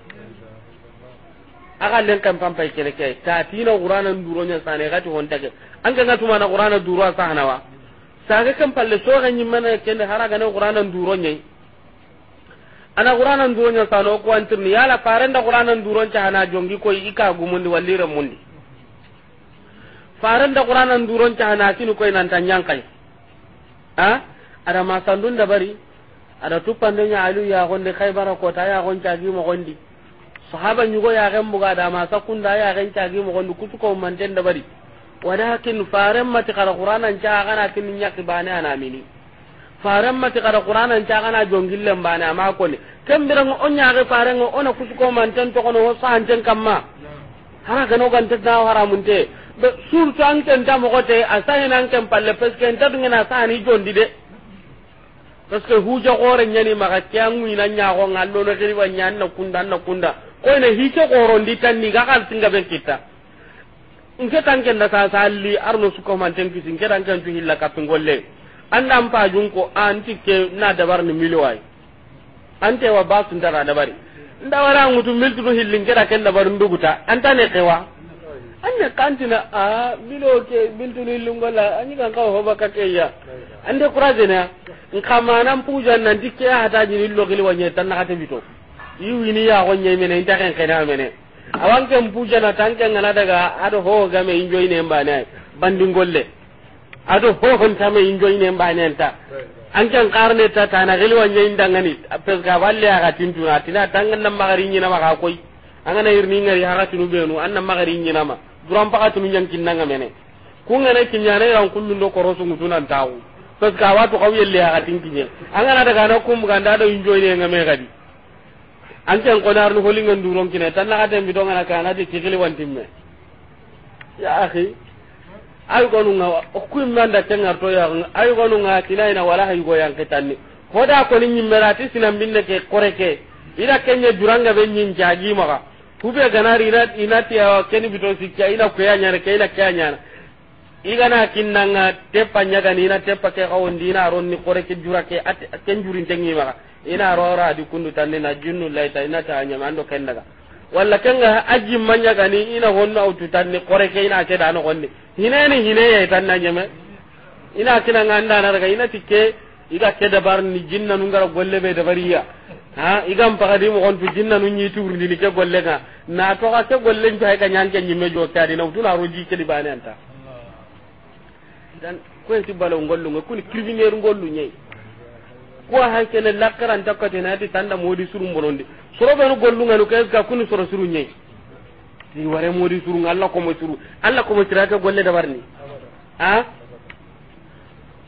aga len kam pam pay kele kay ta tino qur'ana duro nya sane gati hon tage an ga ngatu mana qur'ana duro sa hanawa wa ga Kam palle so ga nyimma na kende haraga na qur'ana duro nya ana qur'ana duro nya no ko antir ni yala da qur'ana duro nya hana jongi ko ika gumundi wallire mundi farenda qur'ana duro nya hana tinu ko nan tanyang kai ha ada masandun da bari ada nya alu ya gonde khaybara ta ya gonca gi mo gondi sahaba ñugo yaxen buga dama ni kutu ko man den da bari walakin farenmati qara qur'anan cagana kini nyaki bane anamini farenmati qara qur'anan cagana jongillen bane ama koni kembirenga o ñaxe farenga ona ma manten togono ho sahanten kamma hara gano gante na te be surtout an ken ta te a nan ken palle parce que nta dungena sani jondi de parce que huja gore ma ka ke a ŋuina ñaxonga allono xiriwa ñan na kunda na kunda koyne hike korondi tanni ga kal tinga ben kita nke tanke nda sa salli arno suko man tanki tinke dan kan tu hilla kapin golle anda ampa junko anti ke na dabar ni miliwai ante wa basu ndara dabari nda wara ngutu miltu no hillin kera ken dabar nduguta anta ne kewa anya kantina a milo ke miltu no hillin golla anyi kan ka baka ke ya ande kurajena nkamana mpuja nan dikke hata jini lo gili wanye tan na hata bito yi wini ya gonye mene inta kai na mene a wankan puja na tanke na daga ado ho ga me injoy ne bandin golle ado ho hon ta me injoy ne mbane ta an kan karne ta ta na gili wanye inda ngani pes ga balle ga tintu na tina tangan nan magari nyina na ka koi an na irni ngari haga tinu benu an nan magari na ma duran ga tinu yankin nan mene ku ngana kinyane ran kullun do korosu ngutunan tawu pes ga watu kawiye le aga tinkinye an na daga na kum ga nda do injoy ne ngame gadi an ken qonar no holinga nduron kine tan laga tan bidonga na kana ti tigli wantimme ya akhi ay gonu nga ku manda tengar to ya ay gonu nga tilaina wala hay go yang kitanni hoda ko ni nyimmera ti sinan binne ke koreke ida kenya duranga be nyin jaji maka kube ganari ina ina ti awa keni bito sikya ina kuya nyare ke ina kya nyana igana kinnanga teppa nyaga ni ina tepa ke kawndi ina ni koreke jurake at ken jurin tengi maka ina rora di kundu tanne na jinnu laita ina ta anya mando kendaga walla kenga aji manya gani ina honno autu tanne kore ke ina ke dano gonne hine ni hine ya tanna nyame ina kina nganda na daga ina tikke iga ke dabar ni jinna nun gara golle be bariya ha iga mpagadi mo gontu jinna nun nyi turni ni ke golle ga na to ka ke golle nja ga nyanke nyime jo di na utuna roji ke dibane anta dan ko en tibalo ngollu ngol kuni criminel ngollu nyei ko ha lakaran takati na ti tanda modi surun bonondi soro be no gollunga nu kay ka kunu soro surun nyai ti ware modi surun Allah ko mo suru alla ko mo tirata golle da barni ha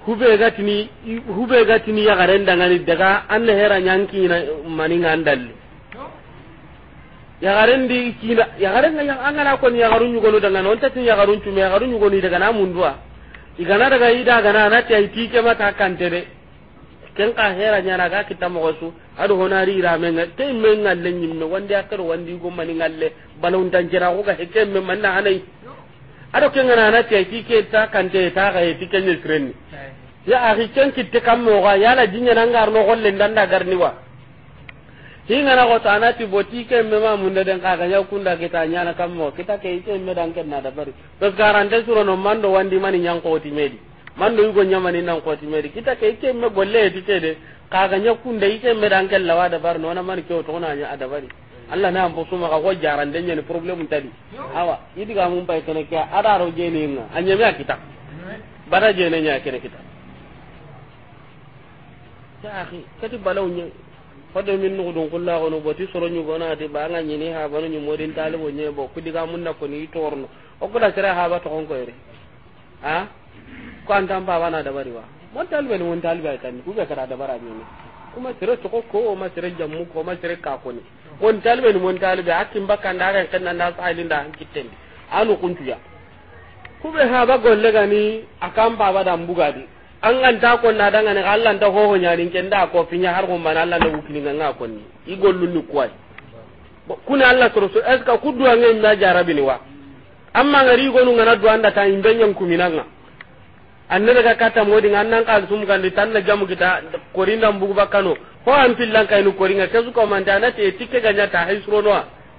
hube tini hube tini ya garen daga ni daga an hera nyanki na maninga andalli yagaren di kina yagaren ga an gana ko ya yagarun nyugo no daga non tatin yagarun ya yagarun nyugo ni daga na mundua igana daga ida gana na tayi ke mata kan tere ken ka hera nyara ga kita mo su adu honari ra men te men ngalle nyimme wande akar wandi go mani ngalle balon dan jira ko ga heke men manna na adu ado ken ngana na te ki ke ta kan te ta ga he tiken ni kren ya ari ken ki te kam mo ga yala dinya nan ngar no golle dan da garni wa hi ngana ko ta na ti boti ke me ma mun da den ka ga ya kunda ke ta nyana kam mo kita ke ite me dan ken na da bari bas garante suro no mando wandi mani nyang ko ti medi man do yugo nyamani nan ko timeri kita ke ke me golle di tede de ka ga nya kunda ike me dan kella wa da bar no na man ke to na nya ada bari Allah na ambo suma ka ko jaran de ne problem tadi awa idi ga mun pai tene ka ada ro je ni nga anya me kita bara je ne nya kene kita ya akhi kati balaw nya fodo min nugu don kula ko no boti soro nyu gona ati ba nga nyini ha banu nyu modin talibo nye bo kudi ga mun na ko ni torno o kula sira ha ba to ko ere ha ko an tan baba na dabari wa mon talbe ni mon talbe kan ku be kada dabara ni kuma sire to ko ko ma sire jammu ko ma sire ka ko ni mon talbe ni mon talbe akin bakkan da ran kan nan sai linda an kitten anu kuntu ya ku be ha ba golle ga ni akan baba da mbuga di an an ta ko na daga ne Allah da ho ho nyari ken da ko fi nya har gumban Allah da wukini nga ko ni i gollu ni ko ai ku ne Allah to so eska ku duwa ngai na jarabi ni wa amma ngari nu ngana duwa anda ta imbenyen kuminanga anne daga kata modi ngannan kal sum gandi tan na jamu kita korinda mbugu bakano ho an pillan kay nu koringa kesu ko man na te tikke ganya ta haisro no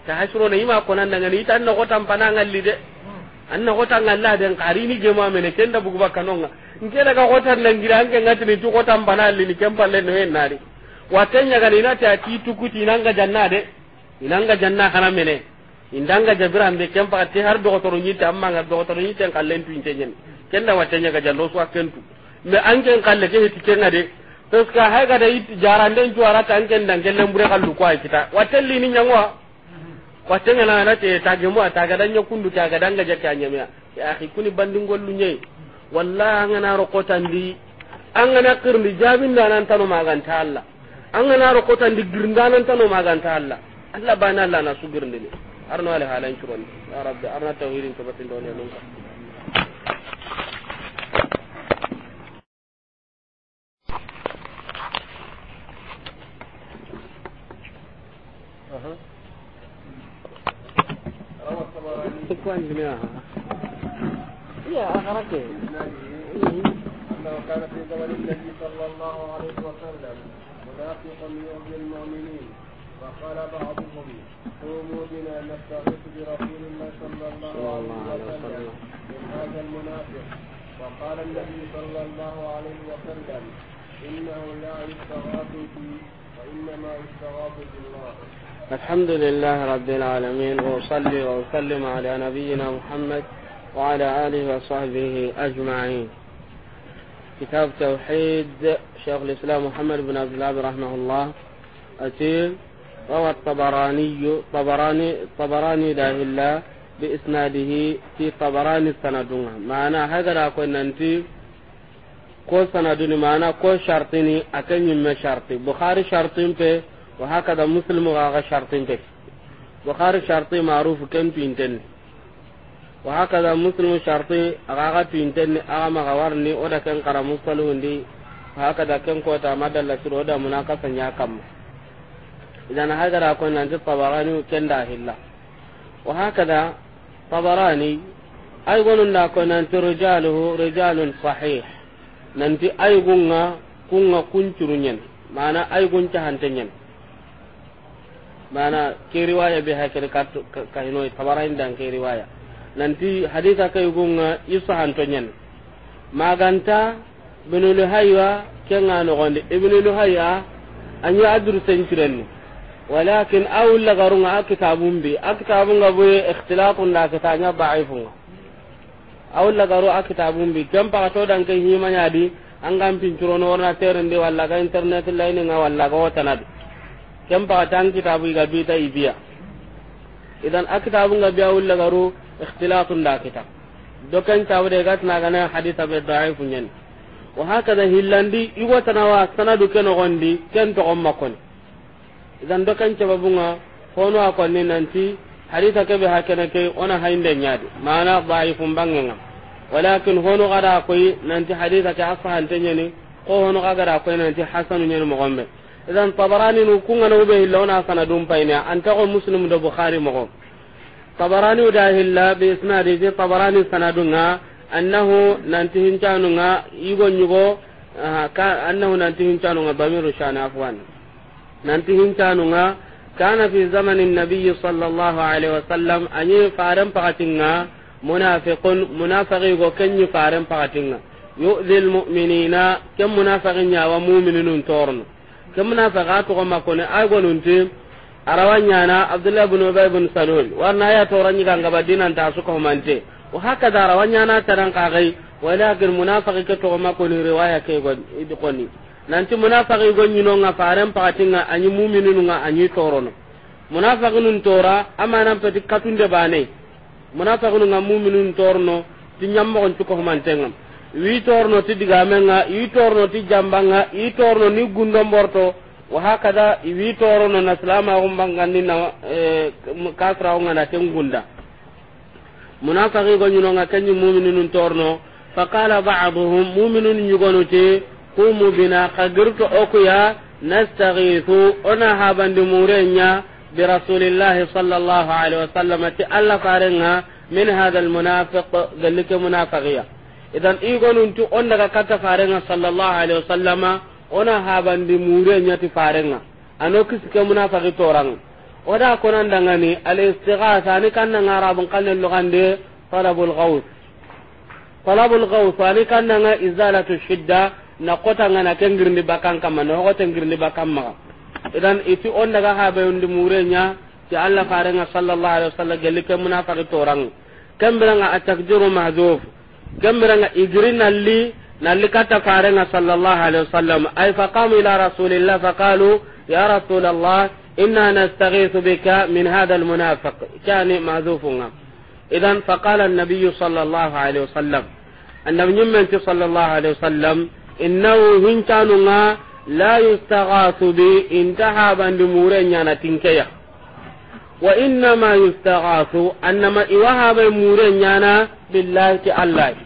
ta haisro no ima ko nan ni tan na gotam pananga de. an na gotan la den ni jema mene kenda bugu bakano nga nke daga gotan nan gira anke ngati ni tu gotam li ni kem balle no en nari watenya gani na ta ti tukuti nanga janna de inanga janna kana mene indanga jabira ambe kem pakati har do toro nyita amma nga do toro nyita en kallen tu intenyen kenda watenya ga jallo su kentu me angen kalle ke hiti kenga de parce que hay ga da yiti jaranden ju arata angen dan gellen bure kallu kwa kita watelli ni nyangwa watenga na na te gemu ta ga dan nyakundu ta dan ga jakka nyamya ya akhi kuni bandin lu nyei wallahi ngana rokotandi angana jabin jaabinda nan tanu maganta Allah angana rokotandi girnda nan tanu maganta Allah Allah bana Allah na su girndini arno ale halan curon ya rabbi arna tawhidin to batin doni lunga يا أخرك أنه كان في زمن النبي صلى الله عليه وسلم منافق يؤذي المؤمنين بعض بعضهم قوموا بنا نستغيث برسول الله صلى الله عليه وسلم من هذا المنافق فقال النبي صلى الله عليه وسلم انه لا يستغاث بي وانما يستغاث بالله الحمد لله رب العالمين واصلي واسلم على نبينا محمد وعلى اله وصحبه اجمعين كتاب توحيد شيخ الاسلام محمد بن عبد الله رحمه الله أتي روى الطبراني طبراني طبراني ده إلا بإسناده في طبراني السندون معنى هذا لا كنا أنتي ko sanaduni mana ko shartini akan yimme sharti pe wa hakada muslim ga ga pe bukhari sharti ma'ruf kan pinten wa hakada muslim sharti aga ga pinten aga ma ga warni oda kan karamu salundi hakada kan ko ta madalla suro da munakasa nya kamma idan haka ko nan tabarani kenda hilla wa hakada tabarani ay gonun da ko nan rijaluhu rijalun sahih nan ti ay gunga kunga kuncurunyen mana ay gunta hantenyen mana ke riwaya be hakere ka hino tabarani dan ke riwaya nan ti haditha kay gunga isa hantonyen maganta binul haywa kenga no gonde ibnul hayya anyi adru senchirenni walakin awulla garunga a kitabun be a kitabunga boye ikhtilafun da kitanya da'ifunga awulla garu a kitabun be kem pakato danke himanyadi an gan pincurono warna terende walla ga internet laininga walla ga wotanadi kem pakata an kitabu iga bita ibiya idan a kitabunga be awulla garu ikhtilafun da kitab dokan tawde gatna gana haditha be da'ifun yen wa hakada hillandi iwatana wa sanadu kenogondi ken togomma koni idan do kan caba bunga hono akonni nanti haditha be hakana ke ona hainde nyaade mana dhaifun banganga walakin hono gara koy nanti haditha ke asahan nyene ko hono gara koy nanti hasanu mo gombe idan tabarani nu kunga no be hilona sana dum payna anta ko muslim do bukhari go tabarani da hilla bi isnadi je tabarani sanadunga annahu nanti nga igo nyugo ka annahu nanti nga bamiru shana afwan nanti hincanunga kana fi zamani nabiy sallallahu alaihi wasallam anyi faran pakatinga munafiqun munafiqi go kenyi faran pakatinga yu'dhi almu'minina kam munafiqin ya wa mu'minun torno kam munafiqa to ko makone ay nunti arawanya na abdullah ibn ubay ibn salul warna ya toranyi ganga gabadina ta su ko mante wa haka da arawanya na taran kagai walakin munafiqi to ko makone riwaya ke go idqoni nanti munafaqi go nyino nga faran pakatinga anyi mu'mininu nga anyi torono munafaqinun tora amanan peti katunde bane munafaqinu nga mu'minun torno ti nyammo gon cuko humantenga wi torno ti nga wi torno ti jambanga wi torno ni gundo mborto wa hakada wi torno na salama gumbangani na eh, kasra nga na tengunda munafaqi go nyino nga kanyi nun torno faqala ba'dhum mu'minun yugonuti qumu bina kagirto okuya nastagithu ona habandi murenya برسول الله صلى الله عليه وسلم تي الله فارنها من هذا المنافق ذلك منافقية إذن إيقون انتو أنك كتا صلى الله عليه وسلم ona habandi mure nyati farenga ano kisike munafaqi torang oda konan dangani al istighatha ni kanna arabun kanne lugande talabul ghaus talabul ghaus ani kanna izalatu shidda na kota nga na kengir ni bakan kama na kota hogote ni bakan maga idan iti onda on daga haɓeyundi murenya ti allah nga sallallahu alaihi wasallam gelli ke torang munafaki torangi kembiranga atakdiru mahduf kembiranga igiri nalli nalli katta nga sallallahu alaihi wasallam ay faqamu ila rasulillah faqalu ya rasulallah inna nastaghiithu bika min hadha almunafiq kani mahdufunga idan faqala an-nabiy sallallahu alaihi wasallam annabi ñimmen ti sallallahu alaihi wasallam innahu nga la yustagasu bi inta habandi mure nyana tinkeya wa innama yustagasu annama iwa habe mure ñana billahi ti allahi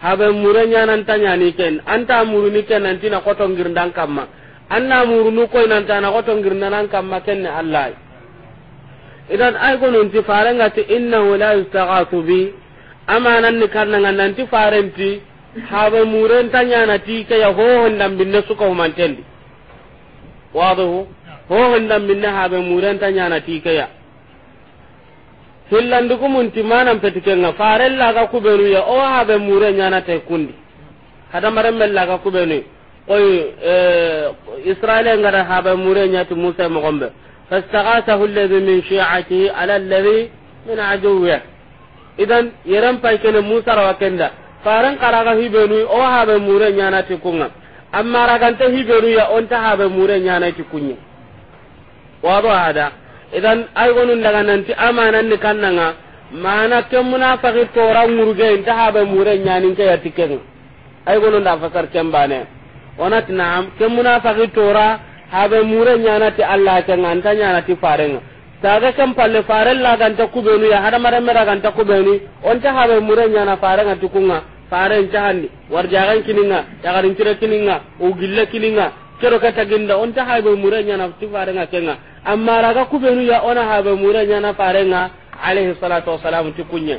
habe mure ñananta ñani ken anta muruni ken koto kotongirndan kamma anna murunu koy koto kotongirndanan kamma kenne allahi idan ay farenga ti innahu la yustagasu bi amananni kannanga nanti farenti haɓe murenta ñanati keya hohondambinne suka humantendi wadahu hohondambinne haɓe murenta ñanati keya hillandikumunti manan petikenga farellaga kuɓenuya o haɓe mure ñanate kundi hadamaremmellaga kuɓenuya oy eh, israila ngara haɓe mure ñati musa mogonɓe fastagasahu alladi min shiatihi ala alladi min aduweh idan yeren pay kene musa rawa kenda faran karaga hibenu o habe mure nyana ti kunga amma raganta hibenu ya onta habe mure nyana ti kunya wado ada idan ay gonun daga nanti amanan ni kannanga mana ke to tora murge inta habe mure nyani ke yatiken ay gonun da fasar kembane onat na'am ke to tora habe mure nyana ti allah ke ngantanya nyana ti farenga saga kan palle faren ganta kubenu ya mara ganta kubenu onta haɓe mure ñana farenganti kunga faren cahandi warjagan kininga yagarincire kininga gilla kininga kero ginda on ta haɓe mure ñana ti farenga kenga amma raga kubenu ya ona haɓe mure ñana farenga alaihi salatu wassalam ti kunye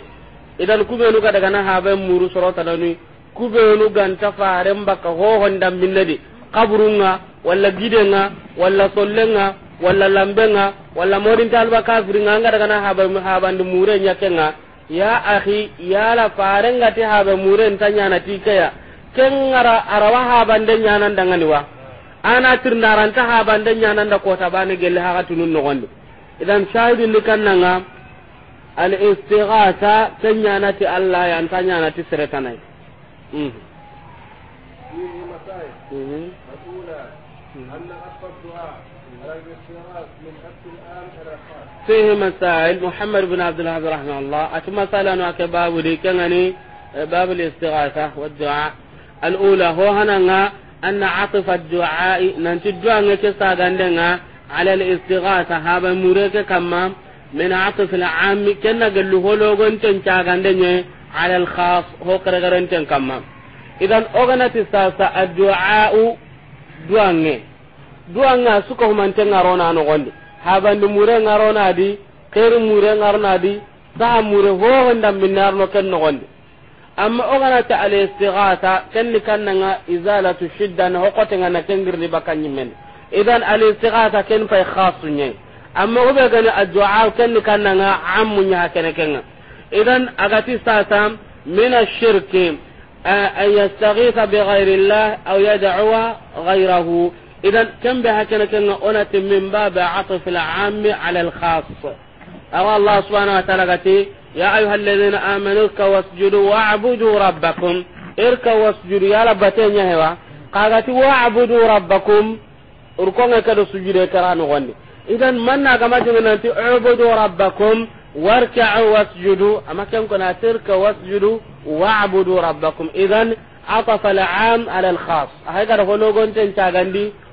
idan kubenu ga gana habe muru ni kubenu ganta faren baka hohon dambinne di kaburunga walla gidenga walla sollenga walla lambenga wala modin talba kafiri nga ngada kana haba habandi mure nyakenga ya akhi yala farenga te haba mure ntanya na tikaya kengara arawa habande nyana ndangani wa ana tirndaranta habande nyana nda kota bani gelle haka tunun nogondi idan shahidu likannanga al istighatha tanyana ti allah ya ntanyana ti seretanai mhm فيه مسائل فيه مسائل محمد بن عبد الله رحمه الله أتمثلا كباب لي كنني آه، باب الاستغاثة والدعاء الأولى هو هنا أن عطف الدعاء ننتي الدعاء كساغندنا على الاستغاثة هذا مريك كمام من عطف العام كنا قال له لوغن تنشاغندني على الخاص هو كرغرنتن كمام إذا أغنت الساسة الدعاء دعاء دعاء سكه من تنغرونا نغندي abandi mure ngaronadi keri mure ngaronadi saha mure hohondan minne no ken nogondi amma oganati al istighatha kan kannanga izalatu shidda na hokotenga na kengirni bakanyimmen idan al istighatha ken fay khasunye amma obe gani addu'a kenni kannanga ammu nya kene kenga idan agati sasa min ash-shirki an yastaghitha bighayri allah aw yad'uwa ghayrahu idan kan bai haka na kan ona tin min baba atuf al am ala al khass awa allah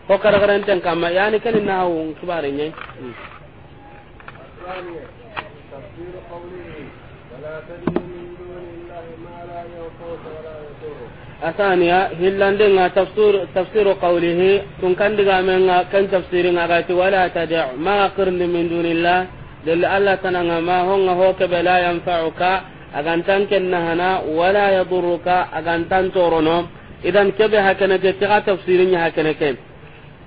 ko kare kare ten kam ma yani kan na hawo kubare nyen hmm. hillande nga tafsir tafsir qawlihi tun kan diga men nga kan tafsir nga ga ti wala tadi ma qirn min dunillah dal alla tananga ma ho nga ho ke bela yanfa'uka agan tan ken nahana wala yadurruka agan tan torono idan kebe hakana ke ta tafsirin ya hakana ke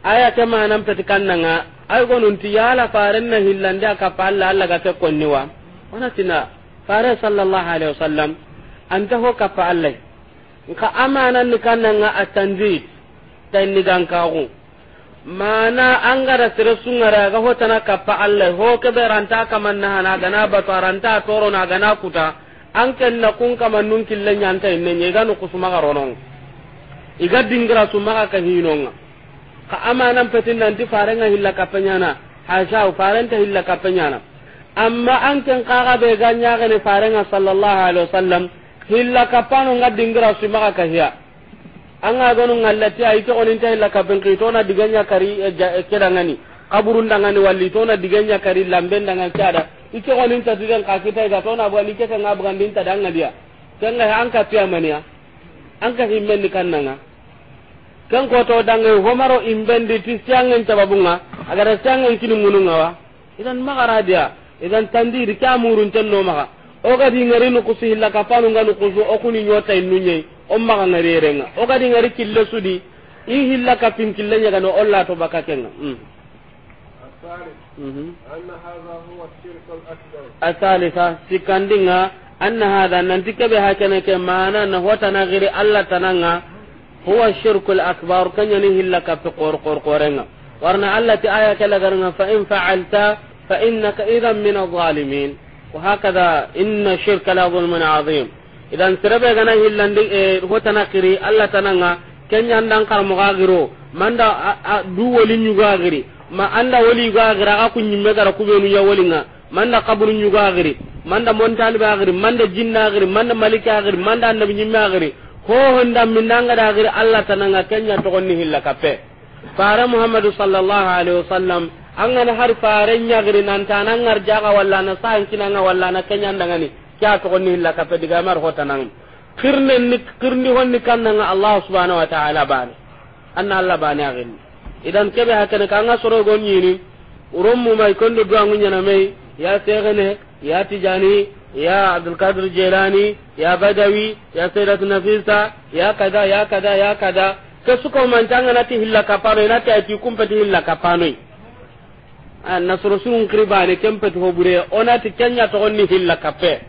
aya ke manam peti kannanga ay gonunti yala na hillande aka palla alla ga ta konniwa onatina fare sallallahu alaihi wasallam anta ho ka palle nka amana ni kannanga atanji tanni gankaru mana angara tere sungara ga hotana kappa alla ho ke beranta kamanna hana gana bataranta toro na gana kuta an na kun kamannun killen nyanta inne ga no kusuma garonon iga dingira sumaka ka hinonga ka amanan di nanti farenga hilla kapanyana hasha farenta hilla na amma an ken kaga be ganya gane nga sallallahu alaihi wasallam hilla kapano ka hiya kahiya ga gonu ngallati ay to oninta hilla kapen ki to na diganya kari eh, eh, kedangani kaburun dangani walli to na diganya kari lamben dangan kada ike oninta digan ka kita ga to na ni ke kan abgan ta danga dia kenga an ka tiya mania an ka himmen ni kannanga kan ken koto dange eh, homaro imbendi ti taba siangen tababunga agara siangen kini mununga wa idan magara dia idan tandiri kya murun no maga o ga di ngari nu kusi hilla ka panu nganu kusu o kuni nyota innunye o maga ngari renga o ga di ngari kille sudi i hilla ka pin kille nya gano olla to baka kenga mm. الثالثة سكان دينا أن هذا ننتكب هكذا giri نهوتنا غير الله تنانا huwa shirkul akbar kanya ni hilla kappe qor qor qorenga warna allati ayaka kala fa in fa'alta fa innaka idhan min adh-dhalimin wa hakadha inna shirka la dhulmun azim idan sirabe gana hillandi e hotana kiri alla tananga kenya ndan kar mo gagiro manda du woli nyu gagiri ma anda woli gagira ga kunyi megara kubenu ya wolinga manda qabru nyu gagiri manda montali bagiri manda jinna gagiri manda malika gagiri manda annabi nyimma gagiri ko honda nanga da gir Allah tananga kenya to gonni hilla kape fara muhammad sallallahu alaihi wasallam an gana har faren nya gir nan tanan ngarja ga walla na san kinanga walla na kenya ndangani kya to gonni hilla kape diga mar ho nan kirne ni kirni honni kannanga Allah subhanahu wa ta'ala bani anna Allah bani agin idan kebe hakane kanga soro gonni ni urummu mai kondo duangunya na mai ya tegene ya tijani ya abdulkadir jelani ya badawi ya sayyidat nafisa ya kada ya kada ya kada ke suko mantanga nati hilla kapano nati ati kumpeti hilla kapano an nasru sunun kribane kempeti hobure onati kenya to onni hilla kape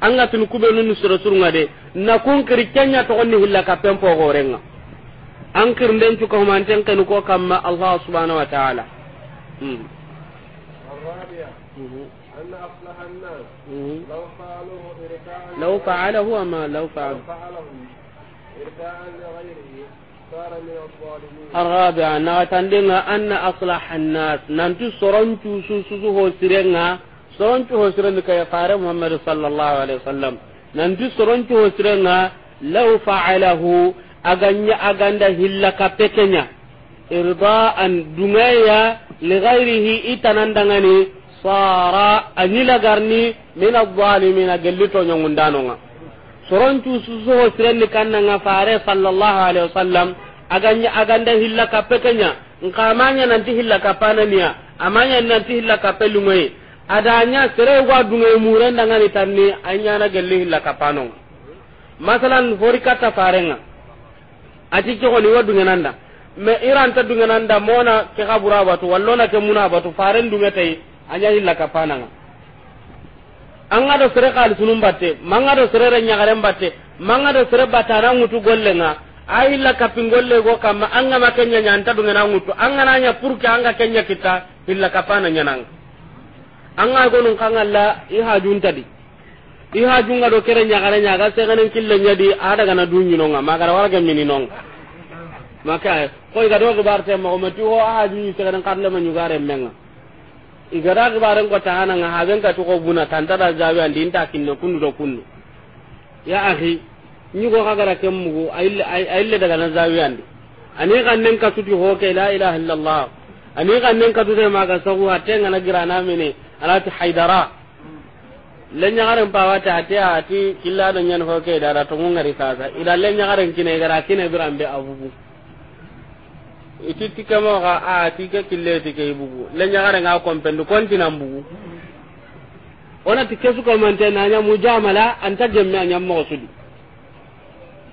anga tun kubenu nusro surunga de na kun kri kenya to onni hilla kape po gorenga an kirnden cuko manten kanu ko kamma allah subhanahu wa ta'ala الرابعة أن أصلح الناس لو فعله إرجاء لو فعله أما لو فعله لو فعله إرجاء لغيره صار من الظالمين الرابعة نغتندنا أن أصلح الناس ننتو سرنتو سوسوسو هو سرنا سرنتو هو سرنا كي فار محمد صلى الله عليه وسلم ننتو سرنتو هو سرنا لو فعله أغنى أغنى هلا كبكنا إرضاء دنيا ligayrihi itanandangani sara anyila garni min adh-dhalimina gellito nyongundanonga soroncu susuho sirenni kannanga fare sallallahu alaihi wasallam aganya aganda hilla kapekenya nkamanya nanti hilla kapanania amanya nanti hilla kapelungoyi adanya sere wa dungai murenda ngani tanni anyana gelli hilla kapanonga masalan hori kata farenga ati ko ni wadu ngenanda me iranta dugenanda mona ke xabura batu wallona ke muna batu faren dugetai a ñahillaka pananga anga do sere xalisunum batte manga do sere re ñagaren batte manga do sere batana ŋutu gollenga a hilla kapingolle go kamma anga ma kenya ñanta dugena ŋutu anga naña pour ke anga kenya kitta hilla kapana ñananga anga gonun kangalla i hajuntadi i hajunga do kere ñagare ñaga segenen killeñadi a daga na duñinonga magara waragemininonga maka ko iga ah, do barte ma ma metu ho a ni tegan kan kan le manyugare menga iga da gibaren ko ta nga ha ka to ko buna tanta da jawi an dinta kinno kunu do kunu ya ahi ni go ka gara kem mugo ayille ayille daga na jawi an ani kan nen ka tudi ho ke la ilaha illallah ani kan nen ka tudi ma ga sahu hatte ngana girana mene alati haidara lenya garen ta ate ati killa do nyen ho ke dara to ngari sa ida lenya garen kine gara kine durambe abubu iti tike moga a tike kille tike ibugu le nyagare nga kompendu kontina mbugu ona tike su komante na nya mujamala anta gemme nya mo sudi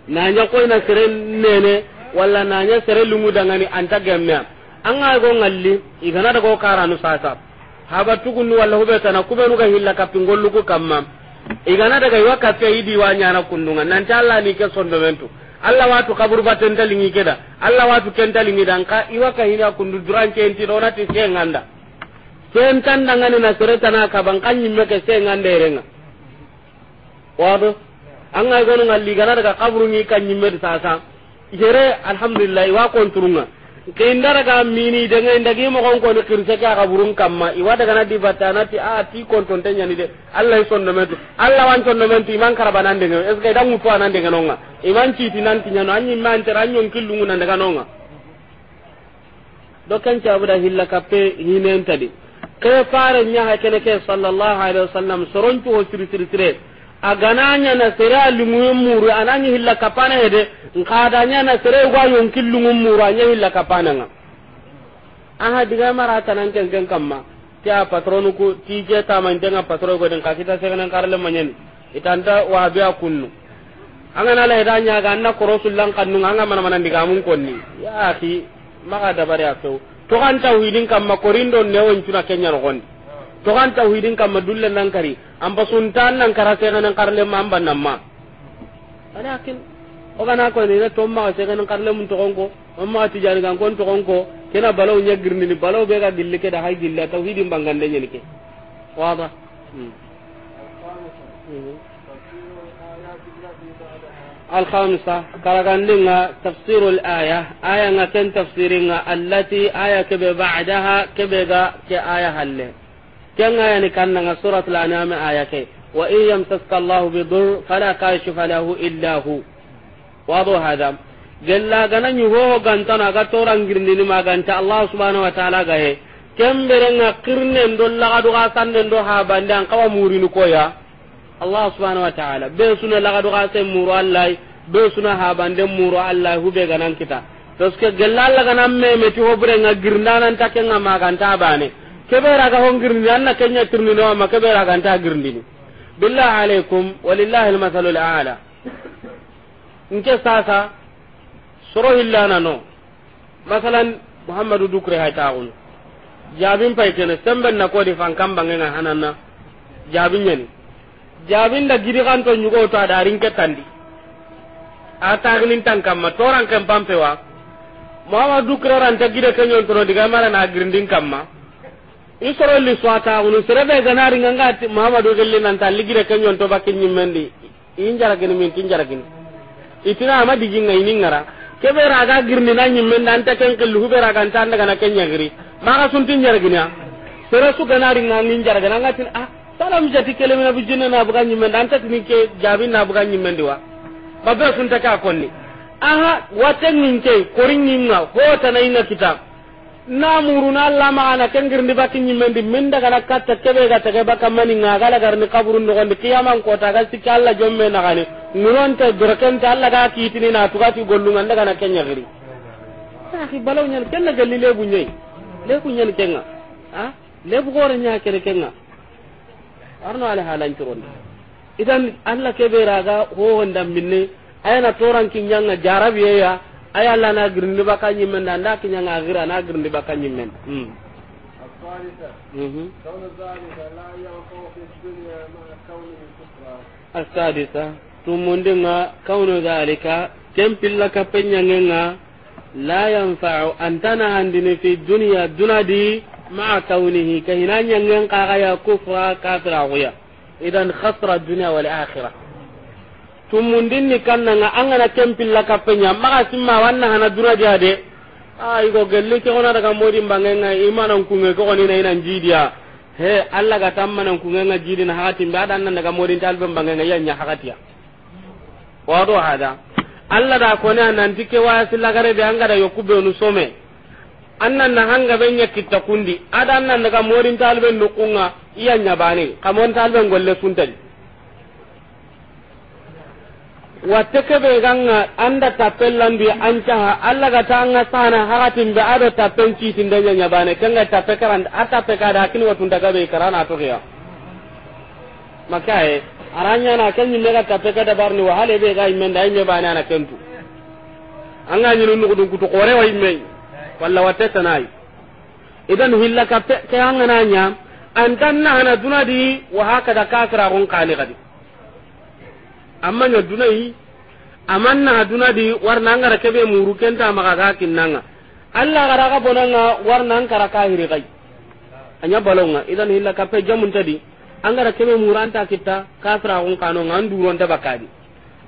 na nya ko ina sere nene walla na nya sere lungu dangani anta gemme anga go ngalli igana dago karanu sasa haba tugunnu walla hube tana kubenu ga hilla kapingollu ku kamma igana daga iwa kafe idi wa nyana kundunga nan talla ni ke sondomentu allah watu kaburu baten talingi keda allah watu ken talingi dan ka iwa ka hina kundu duran ken ti dona ti senganda ken tan dangane na sereta na ka ban kan nyimme ke senganda erenga wado an ga gonu ngalli gana daga kaburu ni kan nyimme ta sa jere alhamdulillah wa konturunga ke indaraga mini denga indagi mo kon ko ne ka burun kamma i wada gana di batana ti a ah, ti kon ton tanya ni de allah ison no metu allah wan ton no metu iman karaba nan denga es ga dangu to nan denga nonga iman ti ti nan ti nyano anyi man ter anyo kilu ngun nan daga nonga do kan cha buda hilla kape hinen tadi ke fare nya ha kene ke sallallahu alaihi wasallam soron tu o tri tri tri agananya na sere alungum muru ananya hilla kapana hede nkadanya na sere gwa yonkil lungum muru anya hilla kapana nga aha diga mara tanan kengen kamma tiya patronu ku tije ta man denga patronu ko den ka kita nan karle manyen itanta wa biya kunnu anga na la idanya ga anna ko rasulullah kannu anga mana mana diga mun konni ya akhi maka dabare aso to kan tawhidin kamma korindo ne won tuna kenya no gondi to kan tawhidin kamma dulle nan kari an basunta nan karase ganan karle ma an bannan ma walakin o kana ko ni to ma se ganan karle mun to gonko on ma ti jani gan kon to gonko kena balaw nya girni ni balaw be ga gille ke da hay gille tauhidin bangande nyani ke wada الخامسة كرغندنا تفسير الآية آية كن تفسيرنا التي آية كبه بعدها كبه كآية هلّه kenga yani kannanga suratul anam aya ke wa in yamtaska allah bi dur fala kashifa lahu illa hu wado hada gella gana nyu ho gantana ga toran ni maganta allah subhanahu wa ta'ala ga he kembere nga kirne ndo laga do sande ndo ha bande an kawa muri ni koya allah subhanahu wa ta'ala be suna laga do gasen muru allah be suna ha bande muru allah hu be ganan kita toske gella laga nan me meti ho bure nga girndanan maganta bane kebera ga hongirni anna kenya tirni no ma kebera ga nta girndini billahi alaikum walillahi almathalu alala nke sasa soro hillana no masalan muhammadu dukre ha taun jabin pay kene semben na ko di kodi kamba bangenga hananna jabin nyani jabin da giri kanto nyugo to ada rinke tandi atagnin tankam ma toran kam pampewa muhammadu dukre ran tagire kanyon to diga mara na girndin kamma ikorolli swatagunu serebe ganari nganga ati mahamadu gelli nanta ligire kenyon to i nyimmendi injaragini min tinjaragini itina ama diginga ini ngara kebe raga girni na nyimmendi anta ken kelli hube raga anta anda kana kenya giri maka sun tinjaragini ha sere su ganari nganga injaragini anga tin ah sala mi jati kele mina bujinna na buga nyimmendi anta tini ke jabi na buga nyimmendi wa babbe sun taka konni aha waten ninke korin ninga hota na inga kitab na muruna Allah ma ana kengir ndi bakin nyimendi min daga na katta kebe ga tage baka mani nga gala ni kaburun no gondi kiyaman ko ta gal sikki Allah jomme na gani nuron ta dorken ta Allah ga kitini na tuka ti gollunga daga na kenya giri sahi balaw nyen kenna galli lebu nyei lebu nyen kenga ha lebu gore nya kene kenga arno ala halan tironda idan Allah kebe raga ho honda minne ayna toran kinyanga jarabiya ay alla na girndi baka nyimmen da nda kinya nga gira na girndi baka nyimmen hmm asadisa ذلك لا يوقع في الدنيا مع كونه كفرا السادسة la yanfa'u antana handini fi dunya dunadi ma kaunihi kahinanyangen kaga ya kufra kafira guya idan khasra dunya wal akhirah tumundin ni nga angana ka kappenya maka simma wanna hana duna jade a ah, go gelle ke ona daga modi mbangenga imanan kunge ko ni na inan jidiya he alla ga ku kunge nga na hakati mbadan nan daga modi talbe mbangenga yanya hakatiya wado hada alla da ko ne nan tike wasi lagare be anga da yokube onu some annan na hanga ben nya kitta kundi adan nan daga modi talbe nukunga iya bani kamon talbe golle suntali watte kebe ganga anda tappellambi ancaha allah gata anga sana hakatimbe aɗo tappen ciitindenya ñabane kenga tape karande a tappe kada be kara karana to make aye ara na kan ñimme mega tape ka ni wahale be ga yimmende dai yimme bane ana kentu anga nunu nugudun kutu korewa yimmey walla watte tanai idan hilla kappe ke angana ñam antanna nahana dunadi wa kasra gon kali gadi amma nya dunai aman na duna di warna ngara kebe muru kenta maka ga kinnanga alla gara ga bonanga warna ngara ka hiri kai anya balonga idan hilla pe jamun tadi angara kebe muranta kita kasra on kanu ngandu ron ta bakadi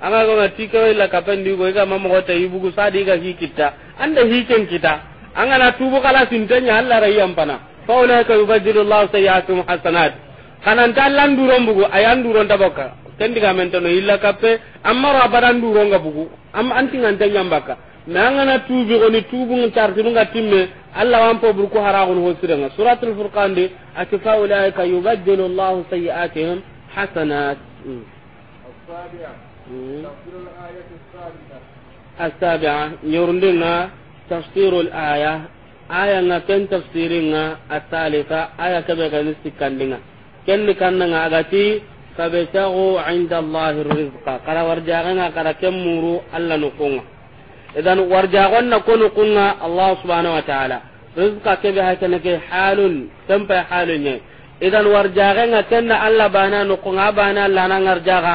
anga ga ti ka hilla pe ndi go ma mamma ko tayi bugu sadi ga hi kita anda hi ken kita anga na tubu kala sintanya alla rai ampana faula ka yubadilu allah sayyiatum hasanat kanan tallan duron bugu ayan duron ta bakka ken diga men tano illa kappe amma ro abadan duro nga bugu amma anti tanya na ngana tubi ko tubu ngun tarti nga timme suratul furqan de atfa ulaika yubaddilu allah sayiatihim hasanat السابعة يرندنا تفسير aya nga ken tafsiri nga asalisa aya kebe ga nistikan ken kan nga agati fabtagu inda allah rizqa kala warjagana kala kemmuru alla nukunga idan warjagonna ko nukunga allah subhanahu wa ta'ala rizqa bi hakana ke halun tampa halun ne idan warjaganga kenna alla bana nukunga bana lana ngarjaga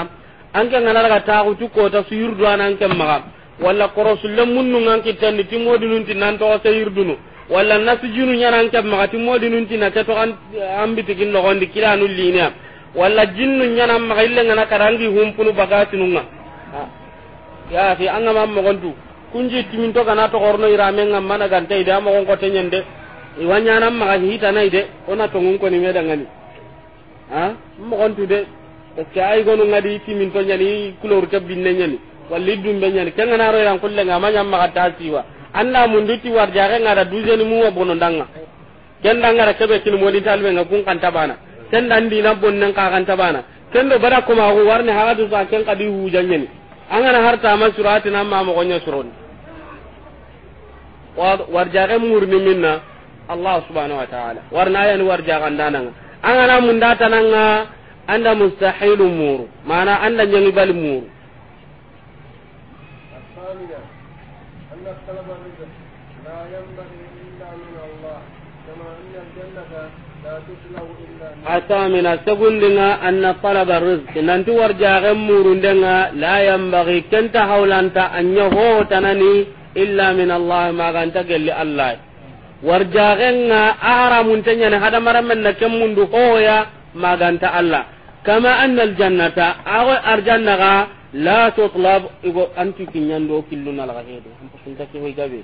anke ngana daga tagu tu ko ta suyurdu anan kemma walla korosulle munnu ngan kitanni timodi nun tinan to sayurdunu walla nasjunu nyanan kemma timodi nun tinata to an ambitikin logondi kilanu linia walla jinnu nyana ma ille ngana karangi humpunu bagati nunga ya fi anga mam mo gontu kunji timin to kana to gorno irame ngam mana ganta ida mo gon ko tenyende iwanya nan ma hita nai de ona to ngun ko ni meda ngani ha mo gontu de parce que ay gonu ngadi timin to nyani kulor ke binne nyani walli dum be nyani kenga na ro ran kulle ngam anya ma kata siwa anna munduti warjare ngada duzeni muwa bono danga ken danga ra kebe kin modi talbe ngakun kan tabana ken dan dina bonnen ka kan tabana ken do bara kuma ko warne hadu sa ken kadi hujanyen angana harta ma surati nan ma mo gonya suron warjaga murni minna allah subhanahu wa ta'ala warna yan warjaga ndana angana data nanga anda mustahil umur mana anda yang ibal umur لا ينبغي إلا من الله كما أن الجنة لا تسلو asamina segundinga anna talaba rizq nanti warjagen murundenga la yambagi kenta hawlanta anya hohotanani illa min allah maganta gelli allah warjagenga aharamuntenyani hadamaramen ken mundu hohoya maganta allah kama anna aljannata ago arjannaga la tutlab igo antu kinyando killunalaga hedo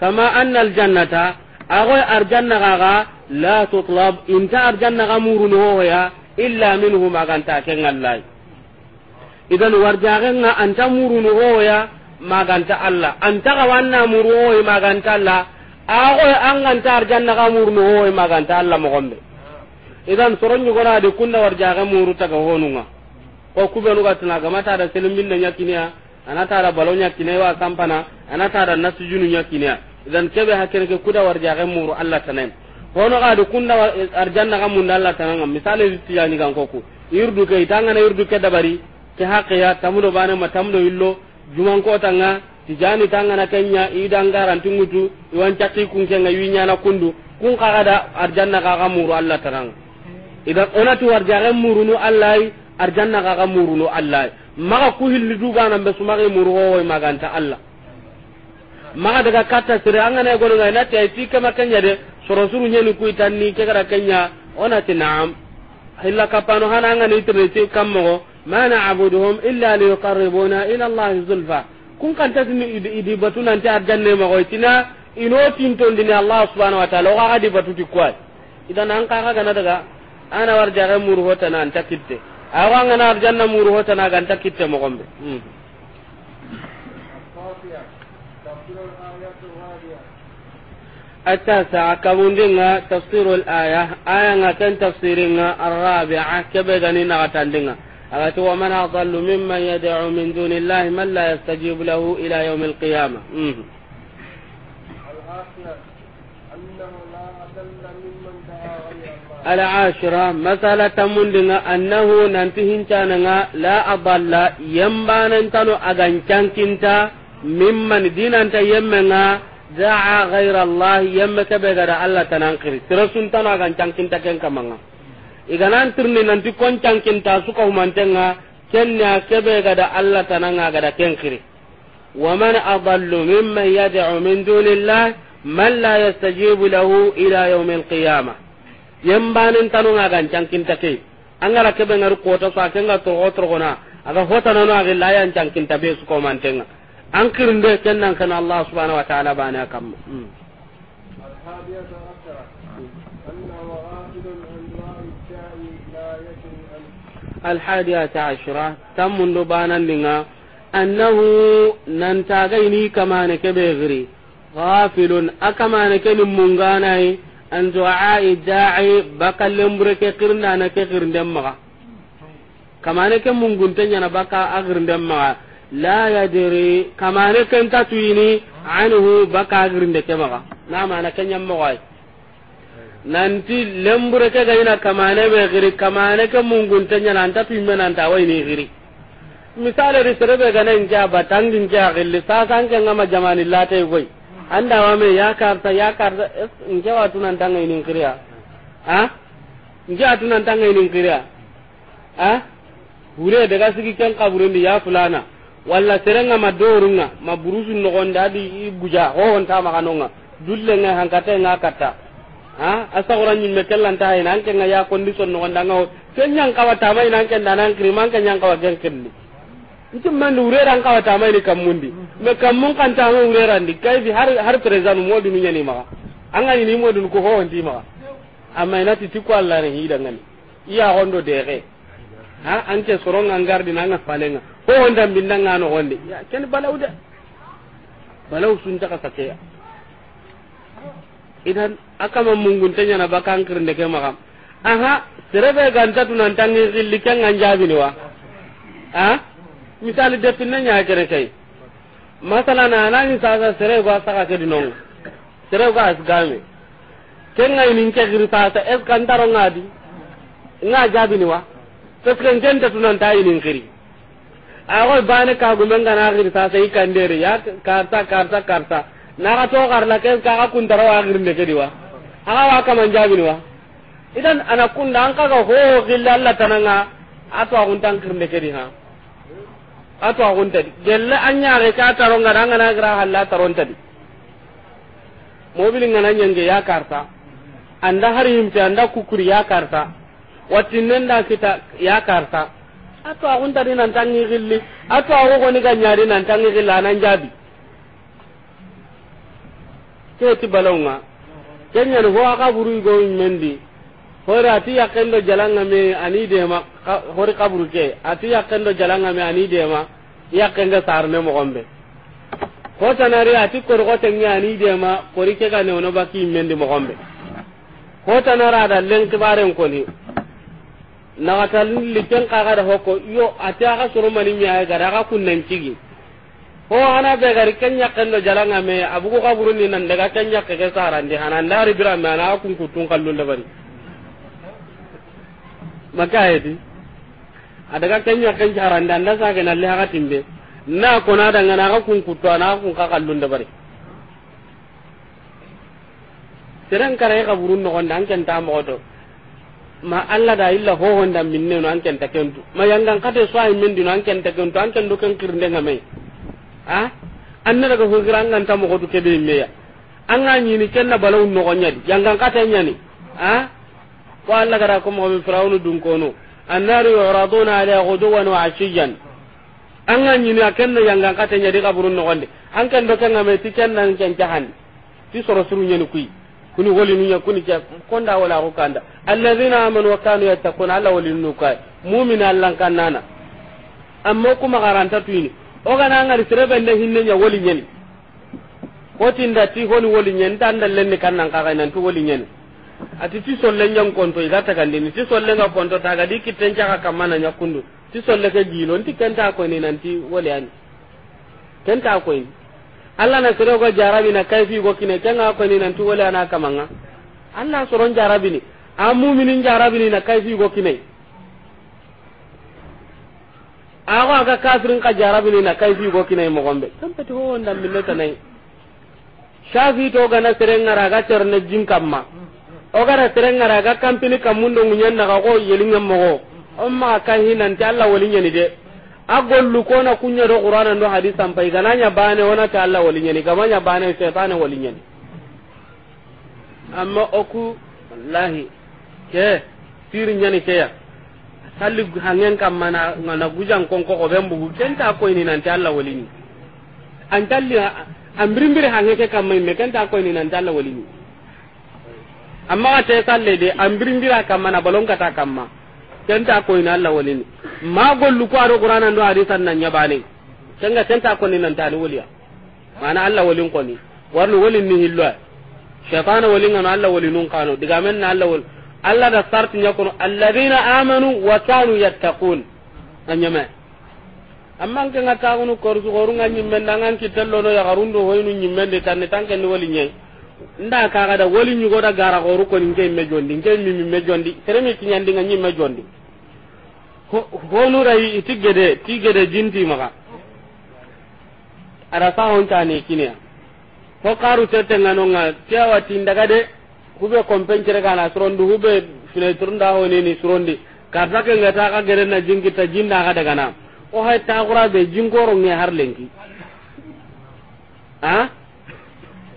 kama anna aljannata agoy arjanna gaga la tutlab inta arjanna ga murun hoya illa minhu maganta ken allah idan warjagenga anta murun hoya maganta allah anta ga wanna murun hoya maganta allah agoy anganta arjanna ga murun hoya maganta allah mo gombe idan soron soronyu gona de kunna warjage muru taga honunga ko kubenu gatna ga mata da selimin na nyakiniya anata da balonya kinai wa kampana anata da nasujunu nyakiniya idan kebe hakene ke kuda war ga muru Allah tanan hono ga du kunna arjanna ga mun Allah tanan misale zitti yani kan koku irdu ke tanga na irdu ke dabari ke haqiya tamudo bana ma tamudo illo juman ko tanga tijani tanga na kenya idan garan tungutu iwan cakki kun kenga yinya na kundu kun kaga da arjanna ga ga muru Allah tanan idan onati war ga muru nu Allah arjanna ga ga muru nu Allah maka ku hilli du be sumare muru ho maganta Allah maga daga katta sire angana gonu ngai na tay ti kama kanya de soro suru nyeni ku itanni ke gara kenya ona ti na'am illa kapano hana ni itre ti kammo ma abuduhum illa yuqarribuna ila allah zulfa kun kan ta ni idi batuna ta ne ma ko tina ino ton dinni allah subhanahu wa ta'ala di batu ti kwa idan an ka ga na daga ana warjaga muru hota na anta kitte awa ngana arjanna muru hota na ga anta kitte mo gombe hmm. التاسعة كبوندنا تفسير الآية آية نتن تفسيرنا الرابعة كبدني نغتندنا أغتو ومن أضل ممن يدعو من دون الله من لا يستجيب له إلى يوم القيامة العاشرة مسألة مندنا أنه ننتهن كاننا لا أضل ينبان تنو أغنشان كنتا ممن دينا يمنا da'a ghayra allah yamma ke be gara allah tanan kiri tirasun tana gan cangkin ta ken kamanga iganan tirni di kon cangkin ta suka humantenga kenya ke be gara allah tananga gara ken kiri ومن أضل ممن يدعو من دون الله من لا يستجيب له إلى يوم القيامة yembanen tanunga gan ta ke angara kebe ngaru kota sa kenga to otro gona aga hota nanu aga layan ta be su ko mantenga an kirinde kennan kana allah subhanahu wa ta'ala bana kamma الحادية عشرة تم لبانا لنا أنه ننتاغيني كما نكبغري غافل أكما نكن منغاناي أن دعاء الداعي بقى لمبرك قرنا نكغرن دمغا كما نكن منغنتين بقى أغرن دمغا la yadri kamane ken tatuini anhu baka girinde ke maga na mana kenya mawai nanti lembure ke gaina kamane be giri kamane ke mungun tanya nan tatu menan ta wai ni giri misale ri serebe gana inja batang inja gilli sasan ke ngama jamani late anda wa me ya karta ya karta inja watu nan tanga ini kiriya ha inja watu tanga ini kiriya ha hure daga sigi kan kaburundi ya fulana walla serenga ma dorunga ma burusu nogonda adi i guja hohonta maganonga dullenga hankata nga katta ha asagora ñimme kellanta hayna anke nga ya condition nogonda nga ken ñangkawa tamayna anke ndanan kirima anke ñangkawa gen kelli nti mandi urera ankawa tamayni kammundi mais kammun kantama urerandi kayfi har har président nu modunu ñani maga angani ni modunu ko hohonti maga amma inati ti ko allah ne hidangani iya gondo dexe ha anke soronga ngardi nanga falenga ko honda bindanga no gonde ya ken balaw de balaw sunta ka sakeya idan akama mungun tanya na bakan kirnde ke makam aha serebe ganta tunan tangi gilli ken nganjabi ni wa ha misali de pinna nya kere kai masala na anani sasa serebe ga saka ke dinong serebe as asgame ken ngai nin ke girta sa es kantaro ngadi nga jabi ni wa parce que ngenta tunan ta yinin kiri ago bane ka gumen kana kiri ta sai kandere ya karta karta karta na ka to karla ke ka ka kun tarawa kiri ne kedi wa aga wa ka ni wa idan ana kun da an ga ho gilla Allah tananga ato agun tan kiri ne kedi ha ato agun tadi gelle anya re ka taronga danga na gra halla taron tadi mobil ngana nyange ya karta anda hari himpe anda kukuri ya karta watinen da kita ya karta ato a unta tari nan tangi gilli ato a wogo ni ganyari nan tangi gilla nan jabi ke ti balonga kenya ni ho aka buru go mendi hore ati yakendo jalanga me ani de ma hore kaburu ke ati yakendo jalanga me ani de ma dema yakenda sarne mo gombe ko tanari ati kor ko tengi ani de ma kori ke ga ne ono baki mendi mo gombe ko tanara da len ko ni naxata liken kaxada hoko yo ate axa soromani ñaye gada axa kunnan cigi ho ana be gari ken ñakken do jalanga me burun ni nan daga ken ñakke ke sarandi hana ndari birame ana a kunkuttun kallunde bari maka ayeti adaga ken ñakken carandi anda sage nalle axa timbe na ko na kona dangana axa kunkuttu ana ka kunka kallunde bari seren kara i no noxonde an ken ta moxoto ma alla da illa ho honda minne no anken ta kentu ma yangan kate so ay min dino anken ta kentu anken do kan kirnde ngamai a anna daga ho girangan ta mo ko ke be meya anga ni ni kenna balaw no ko nyadi yangan kate nyani a ko alla gara ko mo be firawnu dun kono annaru yuraduna ala ghuduwan wa ashiyan anga ni ni akenna yangan kate nyadi kaburun no gonde anken do kan ngamai ti kenna anken jahandi ti soro suru nyani kuyi kuni woli nunya kuni ke konda wala ko kanda alladhina amanu wa kanu yattaquna alla woli nu kai mu'mina allan kannana amma kuma garanta tuini o kana ngari serebe nda hinne nya woli nyen ko tinda ti honi woli nyen tan lenni ne kannan ka kai nan tu woli nyen ati ti solle nyam konto igata kandini ti solle nga konto taga dikiten jaka kamana nyakundu ti solle ke jilo nti kenta ko ni nanti woli an kenta ko ni alla na sere ko jarabi na kaifi go kine kenga ko ni nan tuwala ana kamanga alla soron jarabi ni amu minin jarabi ni na kaifi go kine awa ga kafirin ka jarabi ni na kaifi go kine mo gombe tampati ho ndam minata nay shafi to ga na sere ngara ga terne jin kamma o ga na sere ngara ga kampini kamundo munyen na ga go yelinga mo go amma ka hinan ta alla wolinya nyani de a gollu kona kunya do qur'ana do hadis sampai gananya bane ona ta Allah wali nyani gamanya bane setan wali nyani amma oku wallahi ke tiri nyani ke ya salli hangen kam mana ngana gujan kon ko ben bugu kenta ko ini nan ta Allah wali ni an talli ambrimbir hange ke kam mai kenta ko ini nan ta Allah wali ni amma ta salle de ambrimbira kam mana balon kata kam ma tenta ko ina Allah ni ma gollu ko aro qur'ana ndo hadisan nan nyabale kenga tenta ko ni nan tani waliya mana Allah walin ko ni warno walin ni hillo shaytan walin ngana Allah walinun kanu diga men na Allah wol Allah da sarti nya ko alladina amanu wa kanu yattaqun nyama amma ngi ngata ko korsu gorunga nyimmen dangan kitello no ya garundo hoynu nyimmen de tanne tanke ni nyen nda kaga da woli nyugo da gara goru ko ninge me jondi ninge mi mi me jondi tere mi tinyandi nga nyi me jondi honurai iti gede ti gede jinti maga ada sahontani ya ko karu nga tiawa tindaga de hube kompencere kana surondu hube ni ni surondi karta ke ngata ka gere na ta jinda ka daga na o hay ta gura be jingoro nge har lenki ha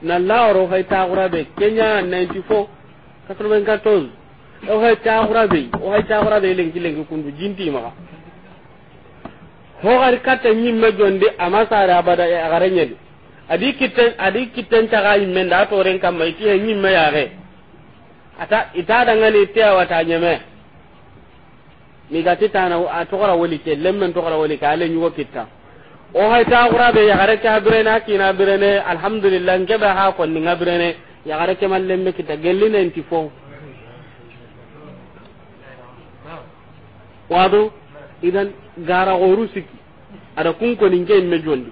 na lawro hay ta gura be kenya 94 94 o hay taxura be o hay taxura be lenki lenki kundu jinti maxa hoxari me jonde jondi ra bada abada axara ñadi adi kitten adi kitten to ren kam mai ti iti me ya re ata ita da dangani ite awata ñeme migati tana a gara woli ke lemmen gara woli ke ale ñugo kitta o hay taxura be yaxare ke a birene a kina ne alhamdulillah ko ni konni nga ya gare ke mallem me kitta gellinenti fo wado idan gara goru siki ada kunko ko ninge me jondi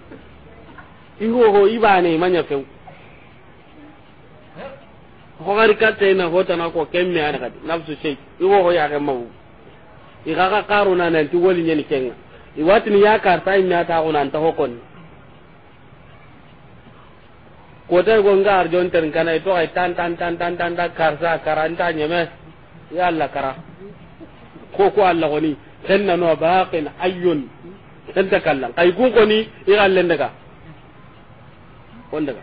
iho ho ibane manya fe ho gari katte na hota na ko kemme ana kadi nafsu sey iho ho ya ga mawu i ga karuna nan ti woli nyeni kenga ni ya karta imya ta ko nan ta hokon ta go ngar jon tan kana to ay tan tan tan tan tan da karza karanta nyeme ya Allah kara ko ko Allah goni tanna no baqin ayyun tan takallan kay ku goni ira len daga on daga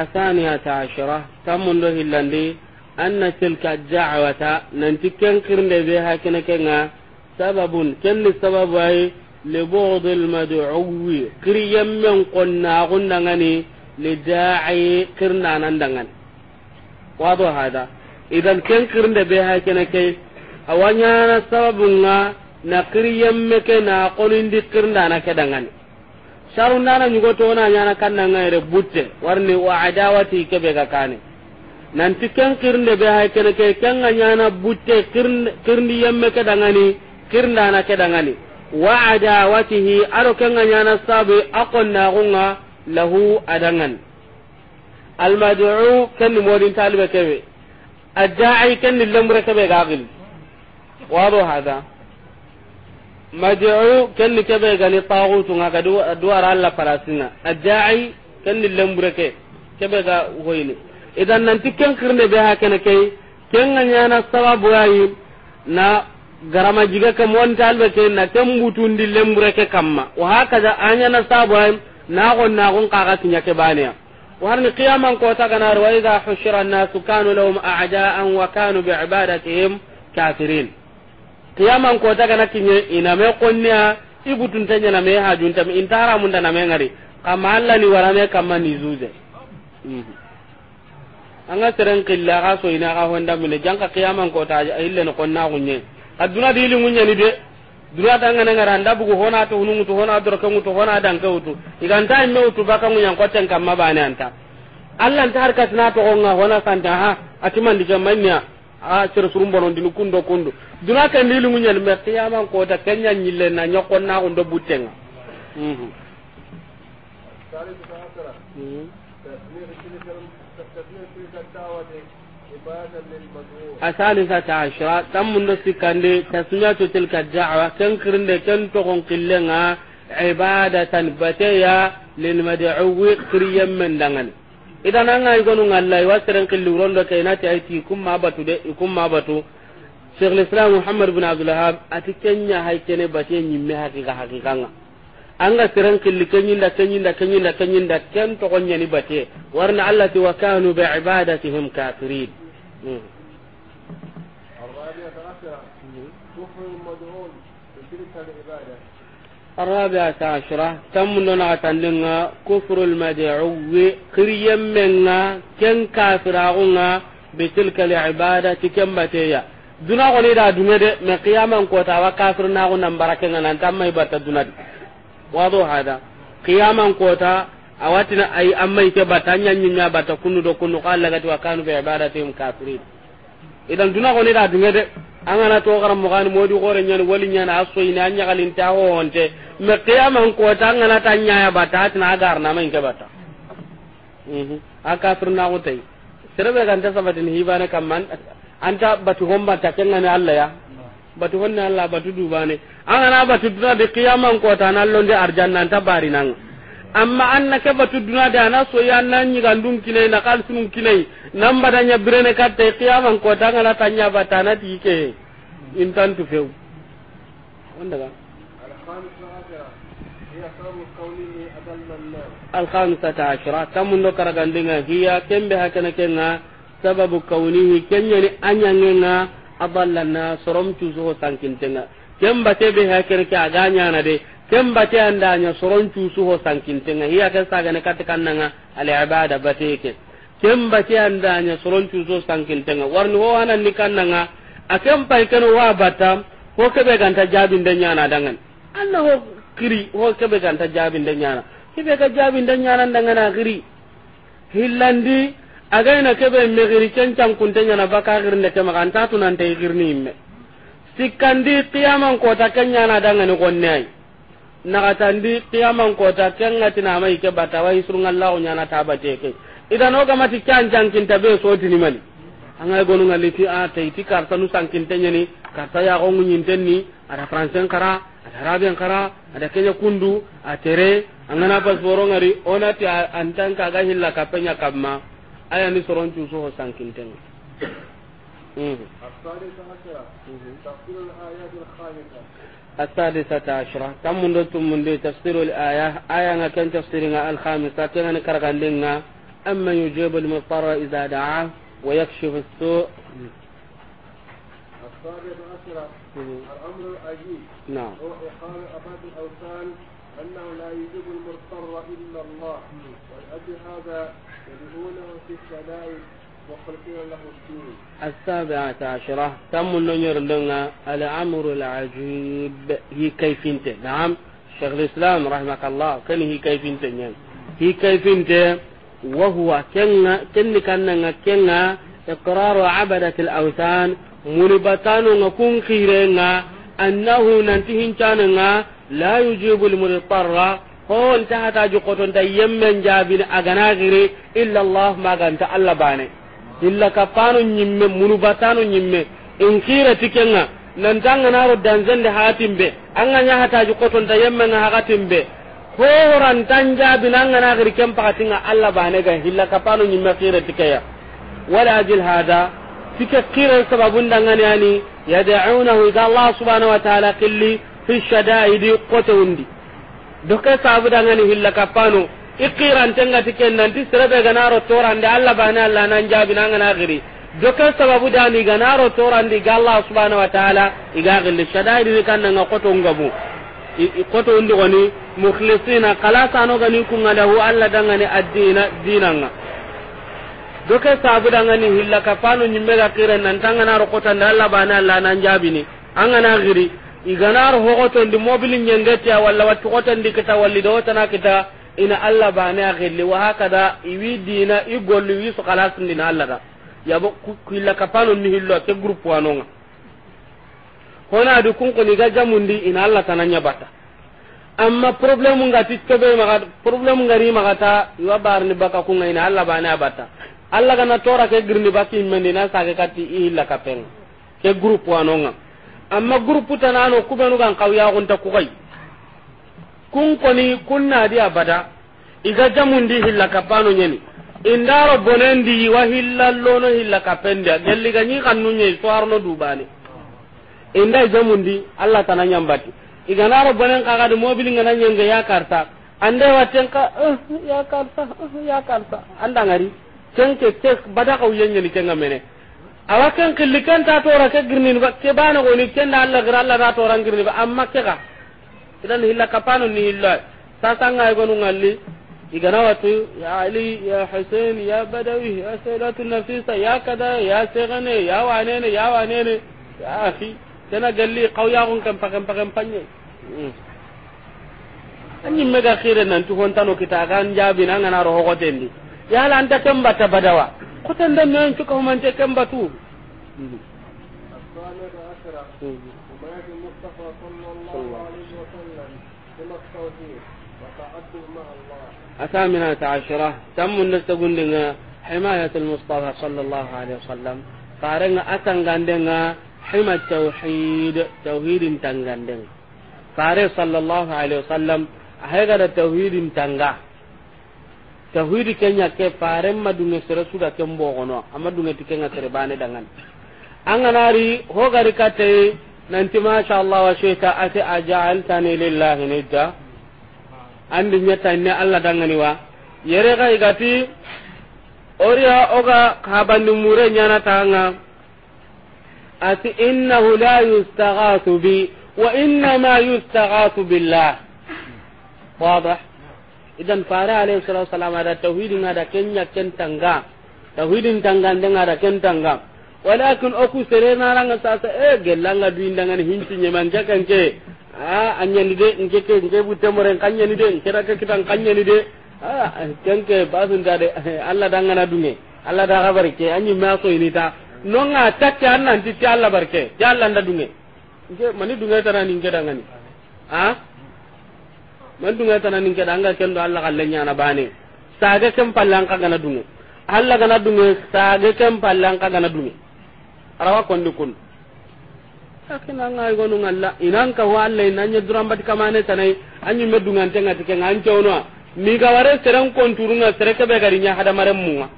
الثانية عشرة تم له اللندي أن تلك الدعوة ننتي كنكر لديها كنكنا سبب كل سبب أي لبغض المدعو كريم idan ken kirnde be ha kene ke awanyana na kiriyemme ke na konindi kirnda na ke dangane sharunda na na nyana kanna ngare butte warni wa adawati ke be ga kane nanti ken kirnde be ha kene ke ken nyana butte kirndi yemme ke wa adawatihi aro kenga nyana sabu akon na gunga lahu adangan almad'u kan modin talibe kebe adda'i kan lamre kebe gagil wado hada mad'u kan kebe gani tagutu ngaga duwara alla parasina adda'i kan lamre ke kebe ga hoyni idan nan tikken kirne be hakene kai kenga nyana sababu ayi na garama jiga ke monta albe ke na tembutundi ke kamma wa na anyana sabu gon na gon kaga tinya ke baneya ni qiyaman kota ganar wa idha hushira an-nasu kanu lahum a'da'an wa kanu ibadatihim kafirin qiyaman ta gana kinye ina me qonnya ibutun tanya na me hajun tam intara mun dana me ngari kama ni warame kama ni zuze mhm. anga seren qilla ga so ina ga honda mine janka qiyaman ta ille ni qonna gunye aduna di lingu nyani de duna danga na ngara nda bugu hona to hunu to hona dor kangu to hona danga utu iganta imme utu baka ngunya yang kwaten bani mabane anta allah nta har katina to gonga hona santa ha atiman diga manya a sir surum bonon dinu kundo kundo duna kan di lingu nyani me qiyamang ko ta kenya nyille na nyokon na undo butenga mhm تسمير تلك asalisata ashira tan mundo sikande tasmiyatu tilka da'wa kan kirinde kan to kon killenga ibadatan bataya lil mad'uwi kriyam mandangan idan an ay gonu ngallai wasran killu rondo kayna ti kum ma batu de kum ma batu Syekh Muhammad bin Abdul Wahab ati kenya hay kene bate nyimme hakika nga anga sirang kili kenyi nda kenyi nda kenyi nda kenyi nda ken to konnya ni warna Allah ti wa kanu bi ibadatihim kafirin الرابعة عشرة تم نغتنغا كفر المدعو كريا منا كن كافراغنا بتلك العبادة كم بتيا duna goni da dume de me qiyaman ko ta wa kafir na go nan barake nan an tamma ibata duna di wado hada qiyaman ko ta awatina ay amma ite batanya nyinya bata kunu do kunu qala gati wa kanu a ibadatihim kafirin idan duna ko ne da dinga de an ana to garan mo gani modi gore nyani wali nyana aso ina anya galin ta ho honte me qiyamah ko ta ana ta nyaaya bata tina agar na main ke bata mhm aka turna ko tay serebe kan ta sabatin hibane kamman anta batu homba ta kenna ne Allah ya batu honna Allah batu dubane ana batu duna de qiyamah ko ta nan londe arjanna ta bari nan amma anna ke batu duna da na so ya nan ni gandun kinai na kalsunun kinai nan badanya birene katta qiyaman ko na tanya batana tike intan tu feu wanda ga الخامسة عشرة تم ذكر غندنا هي كم بها كنا كنا سبب na de kemba ke anda nya soron cusu ho sankintenga hiya ke saga ne katta kannanga al ibada bateke kemba ke anda nya soron cusu sankintenga warni ho anan ni kannanga akem pai kan wa bata ho kebe ganta jabin de nyana dangan anna ho kiri ho kebe ganta jabin de nyana kebe ga jabin de nyana dangan na kiri hillandi againa kebe megiri kencan kuntenya na baka girne ke maganta tunante ni imme sikandi qiyaman kota kenya na dangane gonne nagatandi qiyaman kota kengatina mai ke bata wa isurungallahu nyana tabate ke idan o gamati kyan jankinta be sotini mani anga gonu ngaliti a taiti karta nu sankinta nyani karta ya gongu nyintenni ada français kara ada arabien kara ada kenya kundu a tere angana passport ngari onati antan kaga hilla kapenya kamma aya ni soron tu so sankinta الثالثة عشرة تفسير الآيات الخامسة السادسة عشرة كم من من تفسير الآية آية كان تفسيرها الخامسة كان لنا أما يجيب المضطر إذا دعاه ويكشف السوء السابعة عشرة الأمر العجيب نعم هو إقامة أباد الأوثان أنه لا يجيب المضطر إلا الله والأجل هذا يدعونه في الشدائد السابعة عشرة تم النير لنا الأمر العجيب هي كيف انت نعم شيخ الإسلام رحمك الله كان هي نعم هي انت وهو كنا كن كنا كنا نعم إقرار عبدة الأوثان منبتان نكون نعم خيرنا نعم. أنه ننتهي كاننا لا يجيب المضطر هون تحتاج قطن تيمن جابين أغناغري إلا الله ما كانت الله illa kapano nyimme munubatano nyimme inkira tikenga nantanga naro danzende hatimbe anganya hataji kotonta yemme nga ko ran tanja binanga na gari kem pakatinga alla bane ga hilla kapano nyimme kira tikaya wala ajil hada tike kira sababun dangane ani yad'unahu ila allah subhanahu wa ta'ala qilli fi shada'idi qotawndi doka sabu dangane hilla kapano ikirantengati ken nanti serebe ganaro torande allah bane alla nan jaabi ngana giri doke sababu dani ganaro torande ga allah subhanahu wa taala iga gilli shadairini kannanga kotongabu koto undi woni mukhlisina n'o gani kungadahu allah dangani addina dinanga doke sabu dangani hilla kafano nyimmega kiren nantanganaro kotandi allah bane allah nan jaabini angana giri iganar hogotondi mobili nyengetia walla ndi kita walli dowotana kita ina allah bane a xilli wa hakada iwi dina i golli wi sokala sindina allah da yabo killa kapano ni hillo ke groupe wanonga hona du kun ko ni ga jamundi ina allah tananya bata amma problème nga ti tobe maga problème nga ri maga ta iwa ni baka kunga ina allah bane a bata allah kana tora ke girni baki mendi na sage kati i hilla kapenga ke groupe wanonga amma groupe tanano kubenu kan kawya gunta kugai kun koni kun nadi abada iga jamundi hilla kappano ñeni indaro bonendi wa hillallono hilla kappendia gelliga ñi kannuñe istoarno dubani inda jamundi allah tana ñambati iganaro bonen ngana mobilingana ya yakarta ande wa watten uh, uh, ka yakarta yakarta andangari kenke ke bada kaw ni cenga mene awa ken killi ken ta tora ke girnin ba ke bana goni ken da allah gira allah ta tora girnin ba amma ke ka idan hilla kapanu ni hilla sasanga igonu ngalli igana watu ya ali ya husain ya badawi ya sayyidatu nafisa ya kada ya segane ya wanene ya wanene ya akhi tana galli qawya gun kam pakam pakam panye mm. anyi mega khire nan tu hon tano kita kan jabi nan ngana ro hokotendi ya la anta kemba ta badawa kotan dan nan tu ko man te kemba tu الثامن mm. عشر التوحيد وتعبد مع الله الثامنة عشرة تم نستقندنا حماية المصطفى صلى الله عليه وسلم أتنغان أتنغندنا حمى التوحيد توحيد تنغندنا فاري صلى الله عليه وسلم هذا التوحيد تنغا توحيد كن يكي فارن ما دون سر كن بوغنو أما دون تكنيا سرباني دنغن anganari hogari kate nanti masha Allah wa sheka ati ajaltani لله nidda andi nyata ne alla dangani wa yere ga igati oriya oga kabandi mure nyana tanga ati innahu la yustaghathu bi wa ma yustaghathu billah wadah idan fara alayhi salatu wassalam ada tauhid ngada kenya kentanga tauhidin tanga ngada kentanga walakin oku serena langa sasa e gelanga duindanga hinti nyeman ke. a anyani de nke ke nke butte moren kanyani de nke raka kitan kanyani de a kenke basun ta de Allah dangana dunge Allah da gabar ke anyi ma so ini ta non ga takke annan ti ti Allah barke ti Allah nda dunge nke mani dunge tana ninge dangani a man dunge tana ninge danga kendo Allah nya na bane sa saga kem pallan pallanka gana dunge Allah gana sa saga kem pallan pallanka gana dunge rawa kondi kondi akina ngai gonu ngalla inan ka walla inanya bat kamane tanai anyi meddu ngante ngati ke ngancono mi ga ware seren konturunga sereke be gari nya hada mare muwa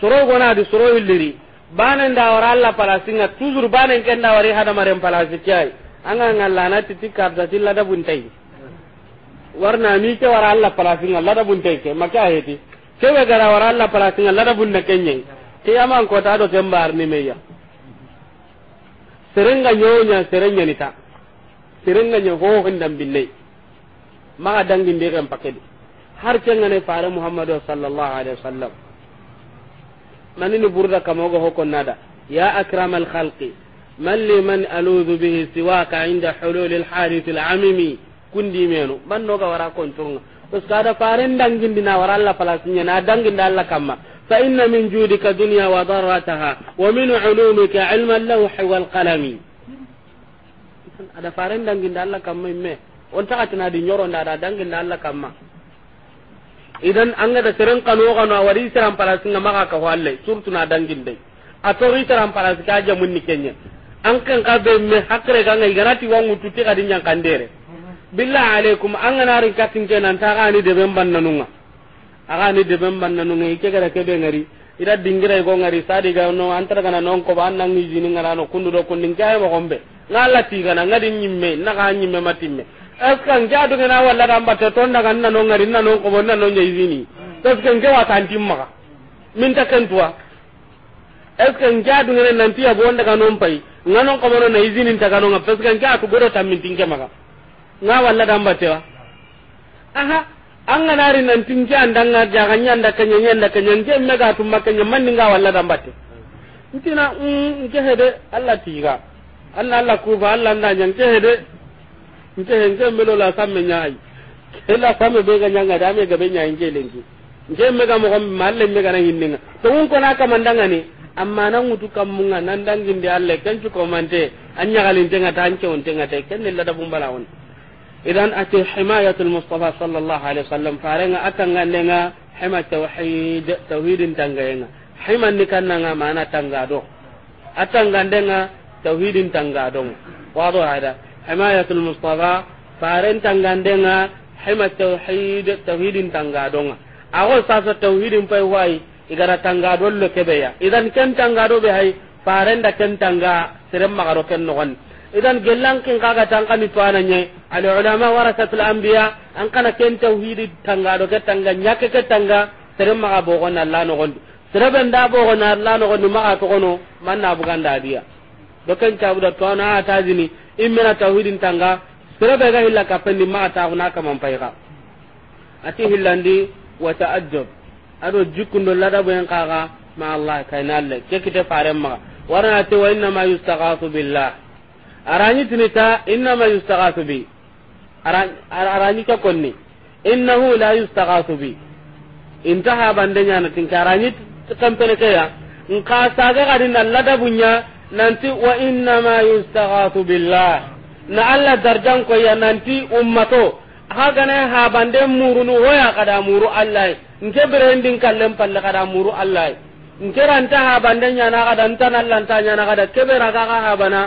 soro gona di soro hilliri banen da wara alla palasinga tuzur banen ken da wari hada mare palasikai anga ngalla na titik da tilla da buntai warna mi ke wara alla palasinga lada buntai ke maka heti kebe gara wara alla palasinga lada bunna kenyen kiyama ko ta do kembar ni meya serenga nyonya serenga nita serenga nya ho hen dam binne ma dangi de kam pakedi har kenga ne fare muhammadu sallallahu alaihi wasallam manin burda kamoga ho konnada ya akramal khalqi man li man aludhu bihi siwaka inda hulul al harith al amimi kundi menu man noga wara kon tunga to kada fare dangi dina wara alla palasinya na dangi dalla kamma فإن من جودك دنيا وضرتها ومن علومك علم اللوح والقلم ada faren dangin da Allah kamma imme on ta katina di nyoro da da dangin da Allah kamma idan an ga da seren kanu kanu a wari siran palasi nga maka ka walle surtu na dangin dai a to ri siran palasi ka ja munni kenya an kan ka be me hakre ga ngai ganati wangu tuti ka dinyang kandere billah alaikum an ga narin katin kenan ta ga ni de ben ban nanunga aga ni deben banna no ngi ke gara ke be ngari ida dingira go ngari sadi ga no antara kana non ko ban nan ngi jini ngara no kundu do kundin kay mo gombe ngala ti kana ngadi nyimme na ga nyimme matimme eska nja do ngana walla ramba to ton daga nan no ngari nan no ko bonna no nyi jini eska nge wa tan timma min ta kan tuwa eska nja do ngana nan tiya bonda daga non pai ngano ko bono na izini ta ga no ngapeska nja to godo tan min tinke maka nga walla ramba tewa aha anga nari nan tinke andanga jaga nyanda kanya nyanda kanya nge mega tumma kanya mandinga walla dambate ntina mm, nke hede allah tiga allah allah kufa allah nda nyang ke hede nke he nke melo la samme nyaai la samme be ga nyanga dame ga be nyaai nge lengi nke mega mo ko malle mega na hinninga to un ko na mandanga ni amma nan mutu kam mun nan dangin de allah kan ci ko mante anya galin tenga tan ce on tenga te ken ne lada bumbala won idan ati himayatul mustafa sallallahu alaihi wasallam farenga atangandenga hima tauhid tauhidin tangayenga himan ni kannanga mana tangado atangandenga tauhidin tangado wado hada himayatul mustafa faren tangandenga hima tauhid tauhidin tangado awo sasa tauhidin pai wai igara tangado lo idan ken tangado be hay faren da ken tanga serem magaro ken wani idan gellan kin kaga tan kami to nye al ulama warasatul anbiya an kana ken tauhidi tanga do ke tanga nyake ke tanga terima ka bo gonna allah no gondu sereben nda bo gonna allah no gondu ma to gono man na da dia do ken ta buda to na ta jini imena tauhidin tanga serebe ga hilla ka pendi ma ta na ka man payga ati hillandi wa ta'ajjab ado do lada bo en kaga ma allah kainalle ke kite faremma ma warna te wa inna ma yustaghathu billah arani tinita innama yustaghathu bi arani ka konni innahu la yustaghathu bi intaha bandenya na tinka arani kampele kaya nka saga gadi na ladabunya nanti wa innama yustaghathu billah na alla darjan ko ya nanti ummato hagana ha bande murunu hoya kada muru allah nke din kallem palle kada muru allah nke ranta ha bande nya na kada ntan allah ntanya na kada kebera ga ha haabana.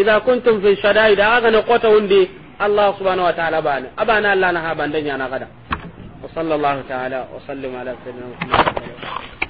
idha kuntum fi shadaid aga ne kota undi allah subhanahu wa ta'ala bana abana allah na ha bandanya na gada wa sallallahu ta'ala wa sallim ala sayyidina muhammad